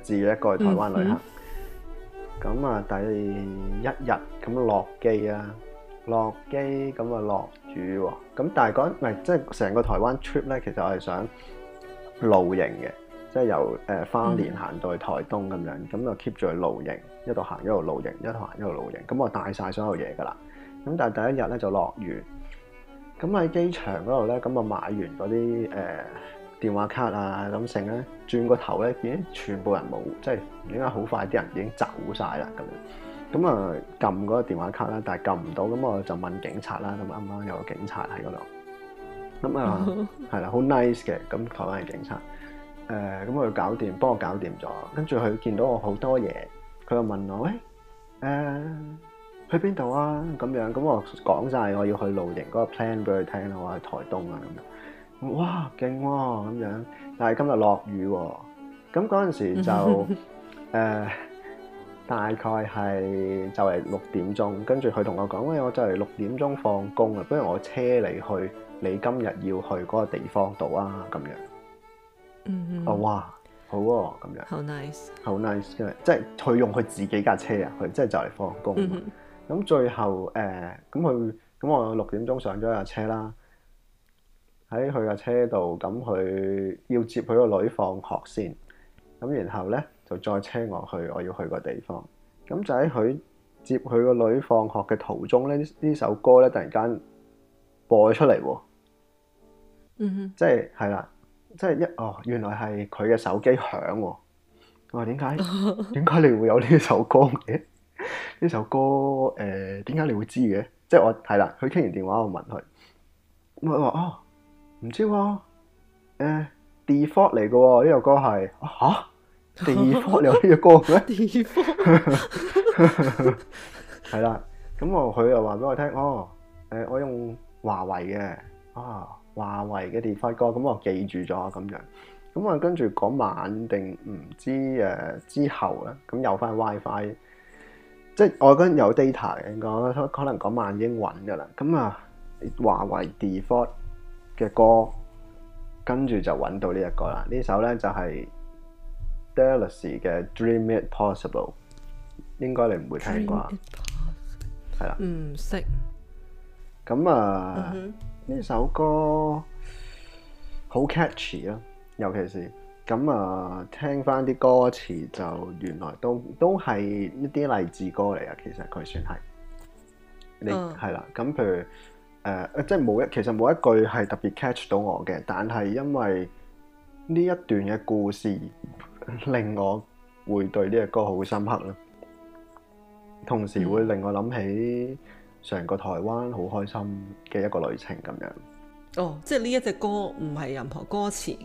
Speaker 2: 自己一個去台灣旅行。咁、uh huh. 啊，第一日咁落機啊，落機咁啊落雨喎，咁但係嗰唔係即係成個台灣 trip 咧，其實我係想。露營嘅，即係由誒花蓮行到去台東咁、嗯、樣，咁就 keep 住去露營，一路行一路露營，一路行一路露營，咁我帶晒所有嘢噶啦。咁但係第一日咧就落雨，咁喺機場嗰度咧，咁我買完嗰啲誒電話卡啊咁成咧，轉個頭咧已經全部人冇，即係點解好快啲人已經走晒啦咁樣，咁啊撳嗰個電話卡啦，但係撳唔到，咁我就問警察啦，咁啱啱有個警察喺嗰度。咁啊，係啦，好 nice 嘅咁。台灣嘅警察，誒咁佢搞掂，幫我搞掂咗。跟住佢見到我好多嘢，佢又問我：喂，誒去邊度啊？咁樣，咁我講晒我要去露營嗰個 plan 俾佢聽啦，我喺台東啊咁樣。哇，勁喎咁樣，但係今日落雨喎。咁嗰陣時就誒大概係就係六點鐘，跟住佢同我講：喂，我就嚟六點鐘放工啊，不如我車你去。你今日要去嗰個地方度啊？咁樣，mm
Speaker 1: hmm. oh, wow, 哦哇，
Speaker 2: 好喎，咁樣，好 How nice，好 nice，即係佢用佢自己架車啊，佢即係就嚟放工。咁、
Speaker 1: mm
Speaker 2: hmm. 最後誒，咁佢咁我六點鐘上咗架車啦，喺佢架車度，咁佢要接佢個女放學先，咁然後咧就再車我去我要去個地方。咁就喺佢接佢個女放學嘅途中咧，呢呢首歌咧突然間播咗出嚟喎。嗯、即係係啦，即係一哦，原來係佢嘅手機響、哦。我話點解？點解 你會有呢首歌嘅？呢 首歌誒，點、呃、解你會知嘅？即係我係啦，佢傾完電話，我問佢，我話哦，唔知誒，default 嚟嘅呢首歌係吓
Speaker 1: ？default 有呢個
Speaker 2: 歌嘅？default 係啦，咁我佢又話俾我聽，哦，誒，我用華為嘅啊。哦華為嘅 default 歌，咁我記住咗咁樣，咁啊跟住嗰晚定唔知誒、呃、之後咧，咁有翻 wifi，即係我跟有 data 嘅，應該可能嗰晚已經揾噶啦。咁啊華為 default 嘅歌，跟住就揾到呢一個啦。呢首咧就係 Delacey 嘅 Dream It Possible，應該你唔會聽啩？懂啊？係啦，uh，唔識。咁啊。呢首歌好 catchy 啊，尤其是咁啊、呃，聽翻啲歌詞，就原來都都係一啲勵志歌嚟啊。其實佢算係，你係啦，咁、嗯、譬如誒、呃、即係冇一其實冇一句係特別 catch 到我嘅，但係因為呢一段嘅故事令我會對呢個歌好深刻囉，同時會令我諗起。嗯成個台灣好開心嘅一個旅程咁樣。
Speaker 1: 哦，oh，即係呢一隻歌唔係任何歌詞，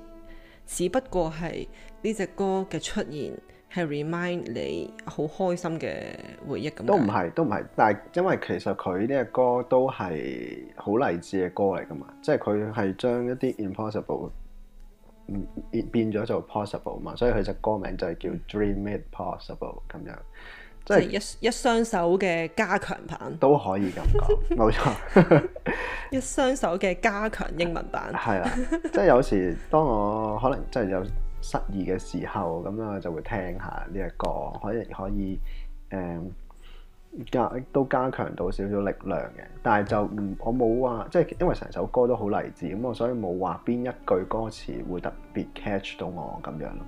Speaker 1: 只不過係呢隻歌嘅出現係 remind 你好開心嘅回憶咁樣。都唔
Speaker 2: 係，都唔係，但係因為其實佢呢隻歌都係好勵志嘅歌嚟㗎嘛，即係佢係將一啲 impossible 變咗做 possible 嘛，所以佢隻歌名就係叫 Dream It Possible 咁樣。
Speaker 1: 即係一一雙手嘅加強版都可以咁講，
Speaker 2: 冇錯。
Speaker 1: 一雙手嘅加強英文版係
Speaker 2: 啦， 即係有時當我可能真係有失意嘅時候咁樣，我就會聽下呢個歌，可以可以誒、嗯、加都加強到少少力量嘅。但係就唔我冇話，即係因為成首歌都好勵志咁，我所以冇話邊一句歌詞會特別 catch 到我咁樣咯。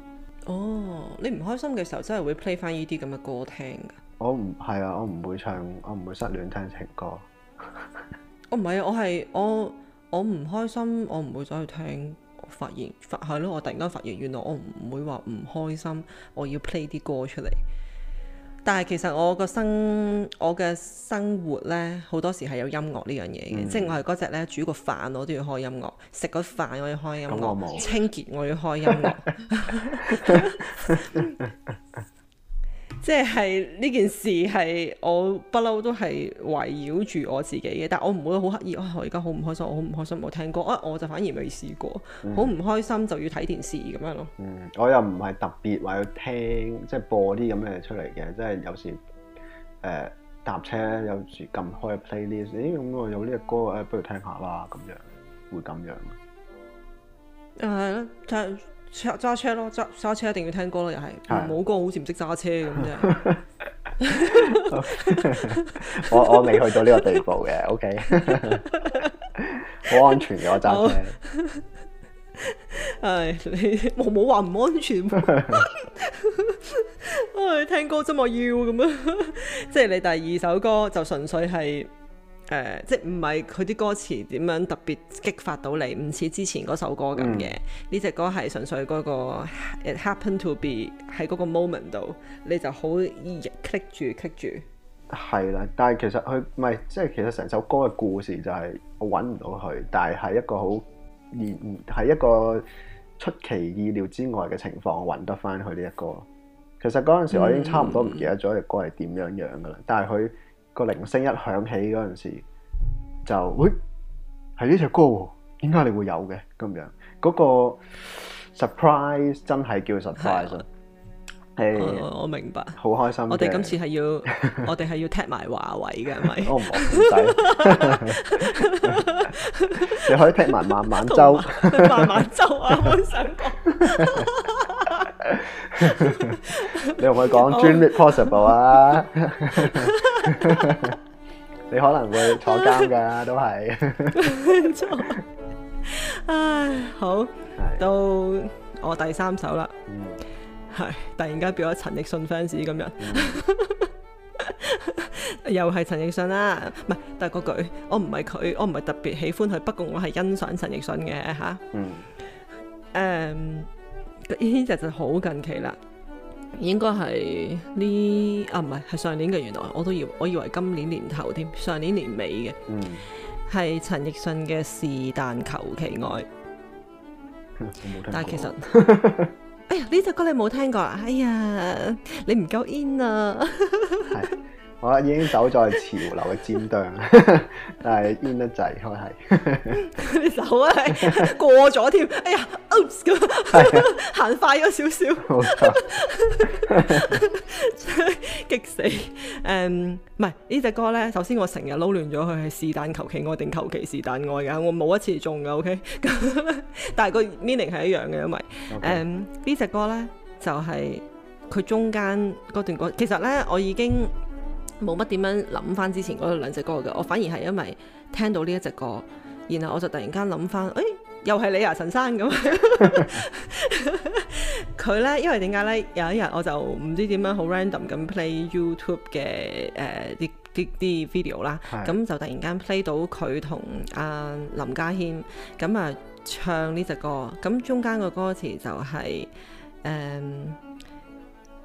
Speaker 1: 哦，你唔開心嘅時候真係會 play 翻呢啲咁嘅歌聽噶？
Speaker 2: 我唔係啊，我唔會唱，我唔會失戀聽情歌。
Speaker 1: 我唔係啊，我係我我唔開心，我唔會走去聽。發現，發，係咯、啊，我突然間發現，原來我唔會話唔開心，我要 play 啲歌出嚟。但係其實我個生我嘅生活咧，好多時係有音樂、嗯、呢樣嘢嘅，即係我係嗰隻咧，煮個飯我都要開音樂，食個飯我要開音樂，嗯嗯嗯、清潔我要開音樂。 即係呢件事係我不嬲都係圍繞住我自己嘅，但我唔會好刻意。啊、我而家好唔開心，我好唔開心冇聽歌、啊，我就反而未試過，好唔、嗯、開心就要睇電視咁樣咯。
Speaker 2: 我又唔係特別話要聽即係播啲咁嘅嘢出嚟嘅，即係有時誒搭、呃、車，有時撳開個 playlist，咦咁、嗯、我有呢隻歌誒，不如聽下啦咁樣，會咁樣。係咯、啊，
Speaker 1: 揸車咯，揸揸車一定要聽歌咯，又係冇歌好似唔識揸車咁啫。我我未去到呢個地步嘅，OK，
Speaker 2: 好安全嘅我揸
Speaker 1: 車。係 你我冇話唔安全， 唉，聽歌啫我要咁樣， 即係你第二首歌就純粹係。誒，uh, 即係唔係佢啲歌詞點樣特別激發到你？唔似之前嗰首歌咁嘅，呢隻、嗯、歌係純粹嗰個 it happened to be 喺嗰個 moment 度，你就好 click 住 click 住。
Speaker 2: 係啦，但係其實佢唔係，即係其實成首歌嘅故事就係我搵唔到佢，但係喺一個好然係一個出奇意料之外嘅情況搵得翻佢呢一首。其實嗰陣時我已經差唔多唔記得咗呢隻歌係點樣樣噶啦，嗯，但係佢。個鈴聲一響起嗰陣時，就喂，係呢隻歌喎？點解你會有嘅？咁樣嗰、 嗰個 surprise 真係叫 surprise，係 我，我，我明
Speaker 1: 白，好開心。我哋今次係要，我哋係要踢埋華為嘅，係咪？ 我唔
Speaker 2: 使，你可以踢埋慢慢周，慢慢周啊，好想講。 你同佢講，dream、oh. possible 啊！ 你可能會坐監噶，都係。
Speaker 1: 唉，好，到我第三首啦。係、嗯、突然間變咗陳奕迅 fans 咁樣，嗯、 又係陳奕迅啦，唔係，但係嗰句，我唔係佢，我唔係特別喜歡佢，不過我係欣賞陳奕迅嘅吓。啊、嗯。誒。Um, 呢隻就好近期啦，應該係呢啊，唔係，係上年嘅，原來我都要，我以為今年年頭添，上年年尾嘅，嗯，係陳奕迅嘅是但求其愛，但係其實， 哎，哎呀呢隻歌你冇聽過，哎呀你唔夠 in 啊？
Speaker 2: 我已經走在潮流嘅尖端， 但係癲得滯，開系。
Speaker 1: 你走啊，過咗添！哎呀，行快咗少少，激死！誒、 um,，唔係呢隻歌咧，首先我成日撈亂咗佢，係是但求其愛定求其是但愛噶，我冇一次中噶，OK。 咁但係個 meaning 係一樣嘅，因為誒 Okay.、um, 呢隻歌咧就係、是、佢中間嗰段歌，其實咧我已經。冇乜點樣諗翻之前嗰兩隻歌嘅，我反而係因為聽到呢一隻歌，然後我就突然間諗翻，誒、哎，又係你牙、啊、陳生咁。佢 呢，因為點解呢？有一日我就唔知點樣好 random 咁 play YouTube 嘅誒啲啲 video 啦，咁的就突然間 play 到佢同阿林家謙咁啊、呃、唱呢隻歌，咁、呃、中間個歌詞就係、是、誒、呃，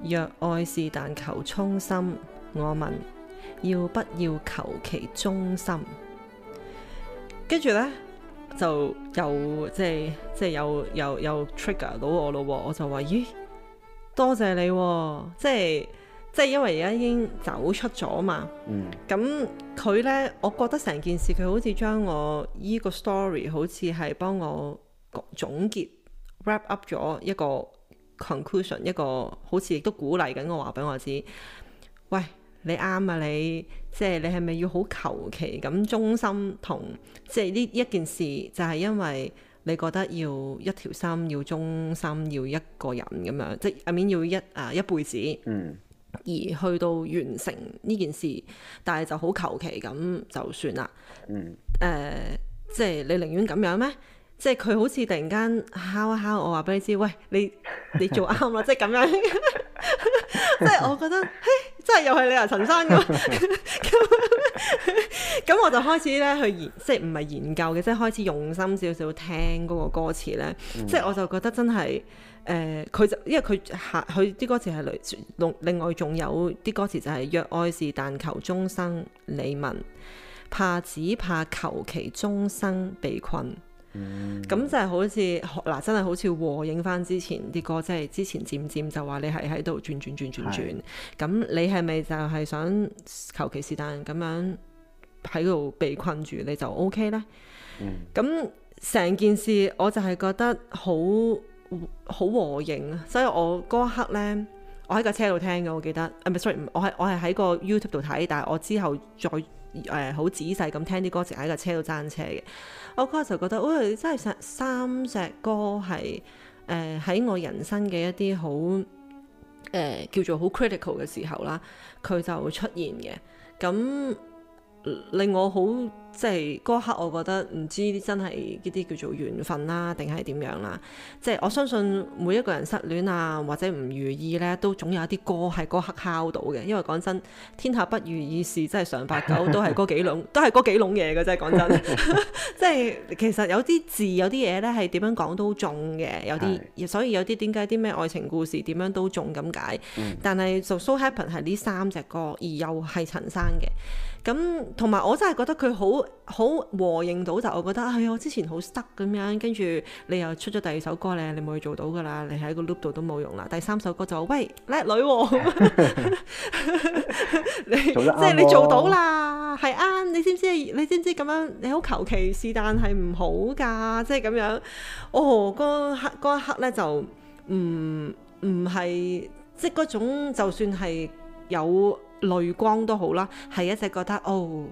Speaker 1: 若愛是但求衷心。我問要不要求其忠心，跟住咧，就又即係即係又又又 trigger 到我咯。我就話，咦，多謝你喎，即係即係因為而家已經走出咗嘛。咁佢咧，我覺得成件事佢好似將我依個 story 好似係幫我總結 wrap up 咗一個 conclusion，一個好似亦都鼓勵緊我，話俾我知，喂。你啱啊！你即係你係咪要好求其咁忠心同，即係呢一件事就係因為你覺得要一條心，要忠心，要一個人咁樣，即係阿面要一啊一輩子，嗯、而去到完成呢件事，但係就好求其咁就算啦。嗯，誒、呃，即係你寧願咁樣咩？即係佢好似突然間敲一敲我話俾你知，喂你你做啱啦，即係咁樣， 即係我覺得， 嘿，真係又係你阿、啊、陳生咁，咁我就開始咧去研，即係唔係研究嘅，即係開始用心少少聽嗰個歌詞咧，即係我就覺得真係，誒、uh,，佢就因為佢下佢啲歌詞係類，另另外仲有啲歌詞就係、是、若愛是但求終生，你問怕只怕求其終生被困。咁、嗯、就係好似嗱，真係好似和應翻之前啲歌，即、就、係、是、之前漸漸就話你係喺度轉轉轉轉轉，咁的你係咪就係想求其是但咁樣喺度被困住，你就 O K 咧？咁成、嗯、件事，我就係覺得好好和應，所以我嗰刻咧，我喺架車度聽嘅，我記得，唔、嗯、係 sorry，我係我係喺個 YouTube 度睇，但係我之後再誒好、呃、仔細咁聽啲歌，直喺架車度爭車嘅。我嗰時候就覺得，喂、哎，真係三隻歌係誒喺我人生嘅一啲好誒叫做好 critical 嘅時候啦，佢就會出現嘅，咁令我好。即係嗰，那個刻，我覺得唔知真係呢啲叫做緣分啦，定係點樣啦？即係我相信每一個人失戀啊，或者唔如意呢，都總有一啲歌係嗰刻敲到嘅。因為講真，天下不如意事真係常八九，都係嗰幾籠， 都係嗰幾籠嘢嘅。真係講真， 即係其實有啲字，有啲嘢呢，係點樣講都中嘅。有啲的所以有啲點解啲咩愛情故事點樣都中咁解？嗯、但係就 so happen 係呢三隻歌，而又係陳生嘅。咁同埋我真係覺得佢好好和應到，就我覺得，哎呀，我之前好塞咁樣，跟住你又出咗第二首歌咧，你冇去做到噶啦，你喺個 loop 度都冇用啦。第三首歌就喂，叻女，你即係你做到啦，係啱、 嗯。你知唔知？你知唔知咁樣？你好求其是，但係唔好噶，即係咁樣。哦，個刻嗰一刻咧就唔唔係即係嗰種，就算係有。淚光都好啦，係一只覺得哦，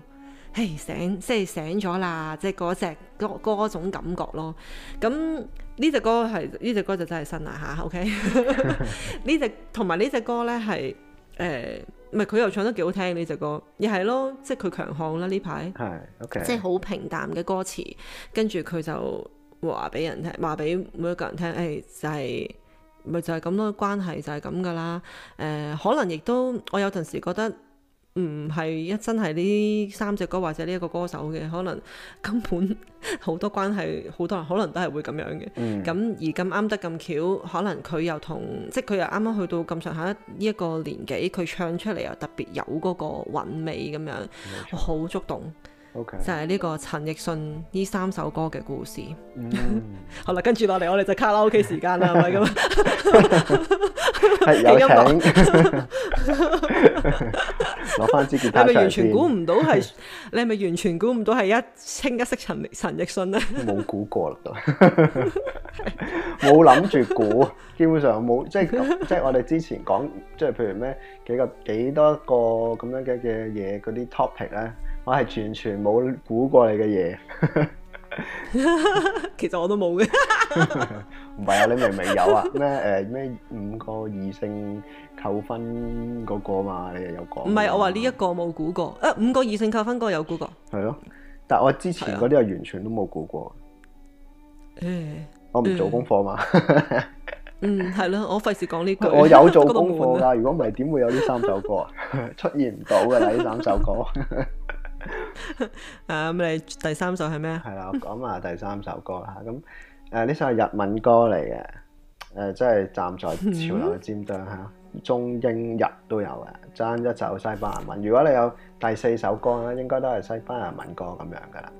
Speaker 1: 嘿醒，即係醒咗啦，即係嗰隻各各種感覺咯。咁呢隻歌係呢隻歌就真係新啦吓，OK？呢隻同埋呢隻歌咧係誒，唔係佢又唱得幾好聽呢隻歌，亦係咯，即係佢強項啦呢排，係 OK？即係好平淡嘅歌詞，跟住佢就話俾人聽，話俾每一個人聽，誒、哎，係、就係。咪就係咁多關係就係咁㗎啦。誒、呃，可能亦都我有陣時覺得唔係一真係呢三隻歌或者呢一個歌手嘅，可能根本好多關係，好多人可能都係會咁樣嘅。咁、嗯、而咁啱得咁巧，可能佢又同即係佢又啱啱去到咁上下呢一個年紀，佢唱出嚟又特別有嗰個韻味咁樣，我好觸動。Okay. 就係呢個陳奕迅呢三首歌嘅故事。好啦、嗯， 跟住落嚟我哋就卡拉 OK 時間啦，係咪咁？有一等。攞翻支吉他。係咪完全估唔到係？ 你係咪完全估唔到係一清一色陳陳奕迅咧？冇 估過啦，都
Speaker 2: 冇諗住估。基本上冇，即係即係我哋之前講，即係譬如咩幾個幾多個咁樣嘅嘅嘢嗰啲 topic 咧。我係完全冇估過你嘅嘢，其實我都冇嘅，唔係啊？你明明有啊？咩誒咩五個異性扣分嗰個嘛？你又有講？唔係，我
Speaker 1: 話呢一個冇估過，誒五個異性扣分嗰個有估過，
Speaker 2: 係咯。但我之前嗰啲係完全都冇估過，誒，我唔做功課嘛？
Speaker 1: 嗯，係咯，我費事講呢個，我有做功課噶。如果唔
Speaker 2: 係，點會有呢三首歌出現唔到噶啦？呢三首歌。
Speaker 1: 啊咁你第三首係咩啊？係啦，我講埋第三首歌啦。咁
Speaker 2: 誒呢首係日文歌嚟嘅，誒即係站在潮流嘅尖端吓，中英日都有嘅，爭一首西班牙文。如果你有第四首歌咧，應該都係西班牙文歌咁樣噶啦。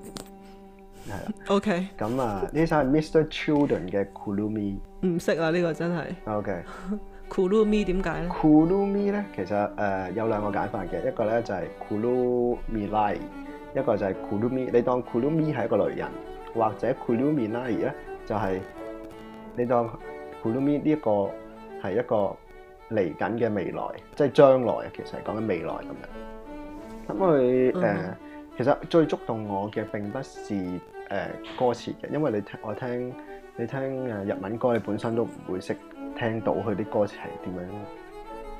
Speaker 2: 係
Speaker 1: 啦。OK。
Speaker 2: 咁啊呢首係 Mr. Children 嘅 Kurumi。
Speaker 1: 唔識啊呢個真係。OK。Kurumi 點解咧
Speaker 2: ？Kurumi 咧其實誒有兩個解法嘅，一個咧就係 Kurumi 奈。一個就係 Kurumi，你當 Kurumi 係一個女人，或者 Kurumi 啦，而咧就係、是、你當 Kurumi 呢一個係一個嚟緊嘅未來，即係將來啊，其實係講緊未來咁樣。咁佢誒，其實最觸動我嘅並不是誒歌詞嘅，因為聽你聽我聽你聽誒日文歌，你本身都唔會識聽到佢啲歌詞係點樣。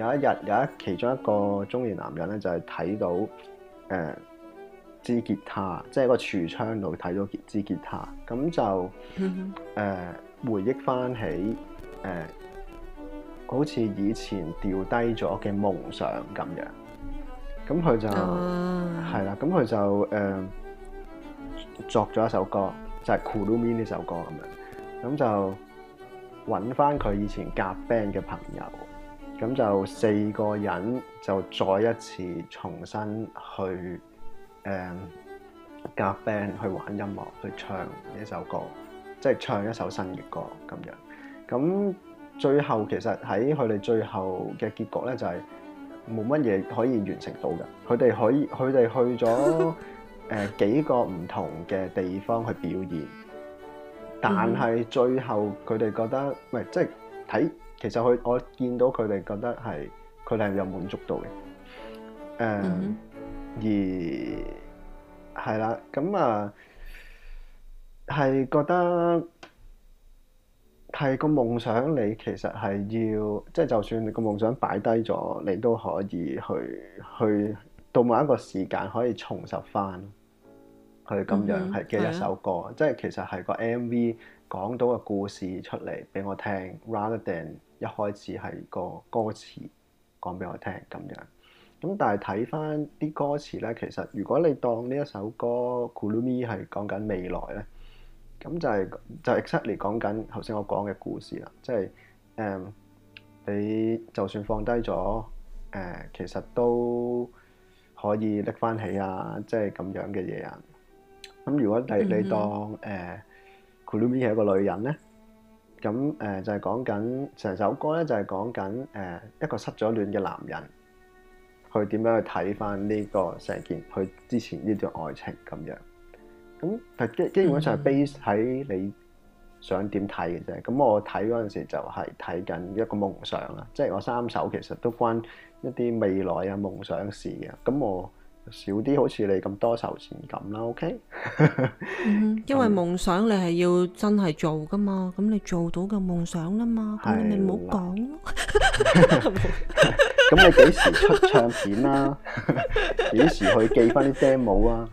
Speaker 2: 有一日，有一其中一個中年男人咧，就係、是、睇到誒支、呃、吉他，即係一個櫥窗度睇到支吉他，咁就誒、呃、回憶翻起誒、呃、好似以前掉低咗嘅夢想咁樣。咁佢就係啦，咁佢、啊、就誒、呃、作咗一首歌，就係《Kurumi》呢首歌咁樣，咁就揾翻佢以前夾 band 嘅朋友。咁就四個人就再一次重新去誒、um, 夾 band 去玩音樂，去唱呢首歌，即係唱一首新嘅歌咁樣。咁最後其實喺佢哋最後嘅結局咧，就係冇乜嘢可以完成到嘅。佢哋可以佢哋去咗誒、呃、幾個唔同嘅地方去表演，但係最後佢哋覺得喂，即係睇。其實佢我見到佢哋覺得係佢哋係有滿足到嘅，誒、uh, mm hmm. 而係啦，咁啊係覺得係個夢想，你其實係要即係、就係、就算你個夢想擺低咗，你都可以去去到某一個時間可以重拾翻佢咁樣，係嘅一首歌，mm hmm. 即係其實係個 MV 講到嘅故事出嚟俾我聽，rather than。一開始係個歌詞講俾我聽咁樣，咁但係睇翻啲歌詞咧，其實如果你當呢一首歌《Gulumi》係講緊未來咧，咁就係、是、就係、是、exactly 講緊頭先我講嘅故事啦，即係誒你就算放低咗誒，其實都可以拎翻起啊，即係咁樣嘅嘢啊。咁如果你你當誒《Gulumi、嗯》係、嗯哼呃、一個女人咧？咁誒就係講緊成首歌咧，就係講緊誒一個失咗戀嘅男人，佢點樣去睇返呢個成件佢之前呢段愛情咁樣。咁但基基本上 base 喺你想點睇嘅啫。咁我睇嗰陣時就係睇緊一個夢想啊，即係我三首其實都關一啲未來啊、夢想事嘅。咁我。少啲好似你咁多愁善感啦，OK？
Speaker 1: 因為夢想你係要真係做噶嘛，咁你做到嘅夢想啊嘛，咁你咪唔好講咯。
Speaker 2: 咁你幾時出唱片啊？幾時去寄翻啲 demo 啊？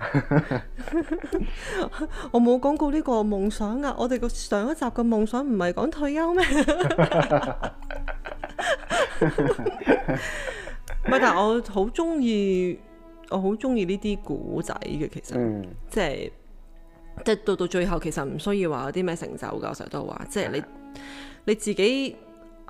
Speaker 1: 我冇講過呢個夢想啊！我哋個上一集嘅夢想唔係講退休咩？唔係，但係我好中意。我好中意呢啲古仔嘅，其實、嗯、即係即係到到最後，其實唔需要話有啲咩成就噶。我成日都話，即係你你自己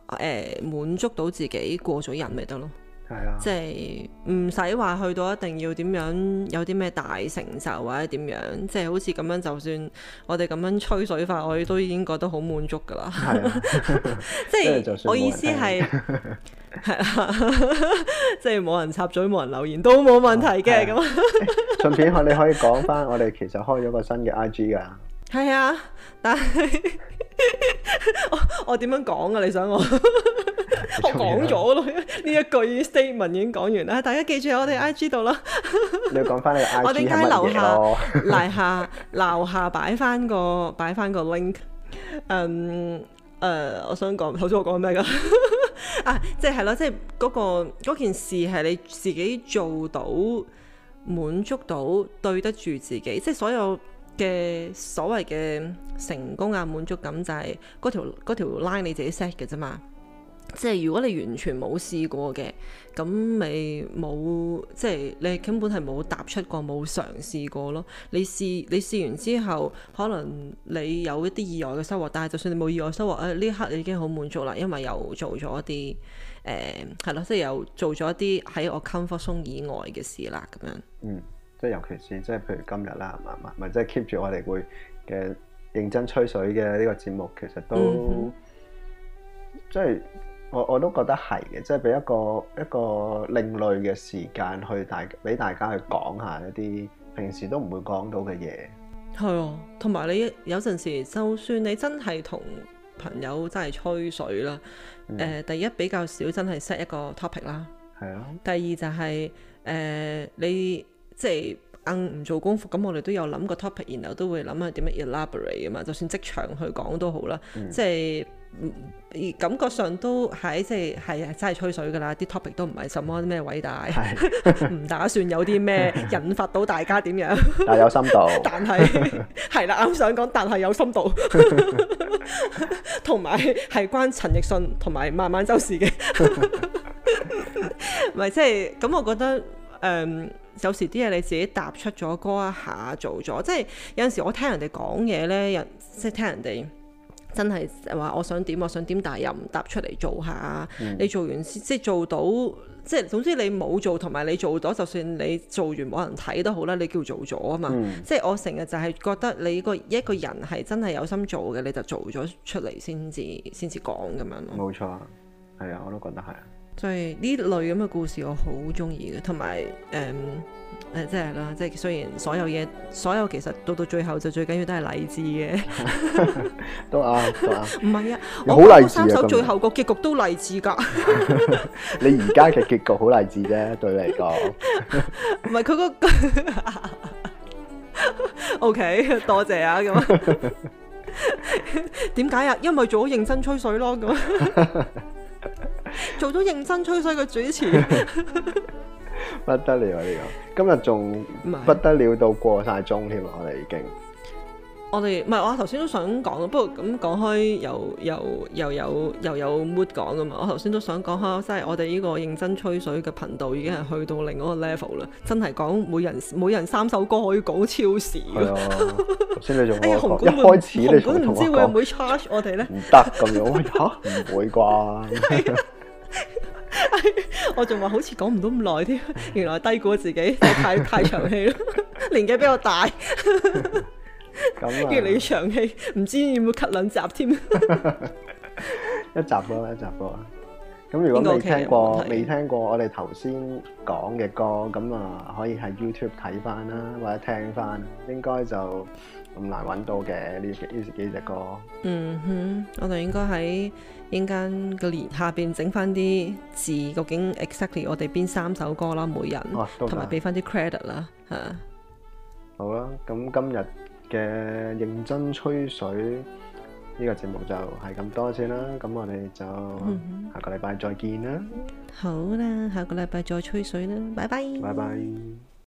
Speaker 1: 誒滿、呃、足到自己過咗癮咪得咯。係啊，即係唔使話去到一定要點樣，有啲咩大成就或者點樣，即係好似咁樣，就算我哋咁樣吹水法，我哋都已經覺得好滿足噶啦。係 啊，即係我意思係，係啊，即係冇人插嘴，冇人留言都冇問題嘅咁。
Speaker 2: 順便我哋可以講翻，我哋其實開咗個新嘅 IG 噶。
Speaker 1: 係啊，但係 我我點樣講啊？你想我 我講咗咯，呢一句 statement 已經講完啦。大家記住喺我哋 I G 度啦。
Speaker 2: 你要講翻你 I G 嘅文字啊！我喺樓下
Speaker 1: 樓 下樓下擺翻個擺翻個 link。嗯誒，我想講頭先我講咩噶？ 啊，即係係咯，即係嗰個嗰件事係你自己做到滿足到對得住自己，即係所有。嘅所謂嘅成功啊，滿足感就係嗰條嗰條 line 你自己 set 嘅啫嘛，即係如果你完全冇試過嘅，咁未冇即係你根本係冇踏出過冇嘗試過咯。你試你試完之後，可能你有一啲意外嘅收穫，但係就算你冇意外收穫，誒、啊、呢一刻你已經好滿足啦，因為又做咗一啲誒係咯，即係又做咗一啲喺我 comfort zone 以外嘅事啦，咁樣嗯。
Speaker 2: 即係尤其是即係，譬如今日啦，係嘛嘛，咪即係 keep 住我哋會嘅認真吹水嘅呢個節目，其實都、嗯嗯、即係，我我都覺得係嘅，即係俾一個一個另類嘅時間去大俾大家去講下一啲平時都唔會講到嘅嘢。
Speaker 1: 係啊、哦，同埋你有陣時就算你真係同朋友真係吹水啦，誒、嗯呃，第一比較少真係 set 一個 topic 啦，係啊、哦。第二就係、是、誒、呃、你。即係硬唔做功夫，咁我哋都有諗個 topic，然後都會諗下點樣 elaborate 啊嘛。就算職場去講都好啦，嗯、即係感覺上都係即係係真係吹水噶啦。啲 topic 都唔係什麼咩偉大，唔 打算有啲咩引發到大家點樣。但係有深度，但係係啦，啱想講，但係有深度，同埋係關陳奕迅同埋慢慢周氏嘅，唔係即係咁，我覺得誒。嗯有時啲嘢你自己踏出咗嗰一下做咗，即係有陣時我聽人哋講嘢咧，又即係聽人哋真係話我想點，我想點，但係又唔踏出嚟做下。嗯、你做完即係做到，即係總之你冇做同埋你做咗，就算你做完冇人睇都好啦，你叫做咗啊嘛。嗯、即係我成日就係覺得你個一個人係真係有心做嘅，你就做咗出嚟先至先至講咁樣咯。冇錯，係啊，我都覺得係啊。所以呢類咁嘅故事我好中意嘅，同埋誒誒，即係啦，即、嗯、係、就是、雖然所有嘢，所有其實到到最後就最緊要都係勵志嘅，
Speaker 2: 都啱， 唔係 啊，好勵志，三首最後
Speaker 1: 個結局都勵志噶，
Speaker 2: 你而家嘅結局好勵志啫，對你嚟講，
Speaker 1: 唔係佢個，O K，多謝啊，咁，點解啊？因為做好認真吹水咯，咁。 做咗認真吹水嘅主持，
Speaker 2: 不得了啊！呢個今日仲不得了到過晒鐘添啊！我哋已經，
Speaker 1: 我哋唔係我頭先都想講，不過咁講開又又又有又有 mood 講噶嘛？我頭先都想講下，即係我哋呢個認真吹水嘅頻道已經係去到另一個 level 啦，真係講每人每人三首歌可以講超時。頭
Speaker 2: 先你仲、哎呀、一開始你同唔知會唔會
Speaker 1: charge 我哋咧？唔
Speaker 2: 得咁樣唔會啩？
Speaker 1: 哎、我仲話好似講唔到咁耐添，原來低估自己，太太長氣咯。 年紀比我大，咁跟住你長氣，唔知要唔要咳兩集添。
Speaker 2: 一集咯，一集咯。咁如果未聽過，未聽過我哋頭先講嘅歌，咁啊可以喺 YouTube 睇翻啦，或者聽翻，應該就咁難揾到嘅呢幾呢幾隻歌。嗯
Speaker 1: 哼，我哋應該喺。依間個年下邊整翻啲字，究竟 exactly 我哋邊三首歌啦，每人，同埋俾翻啲 credit 啦，吓。
Speaker 2: 好啦，咁今日嘅認真吹水呢個節目就係咁多先啦，咁我哋就下個禮拜再見啦。
Speaker 1: 好啦，下個禮拜再吹水啦，拜拜。拜拜。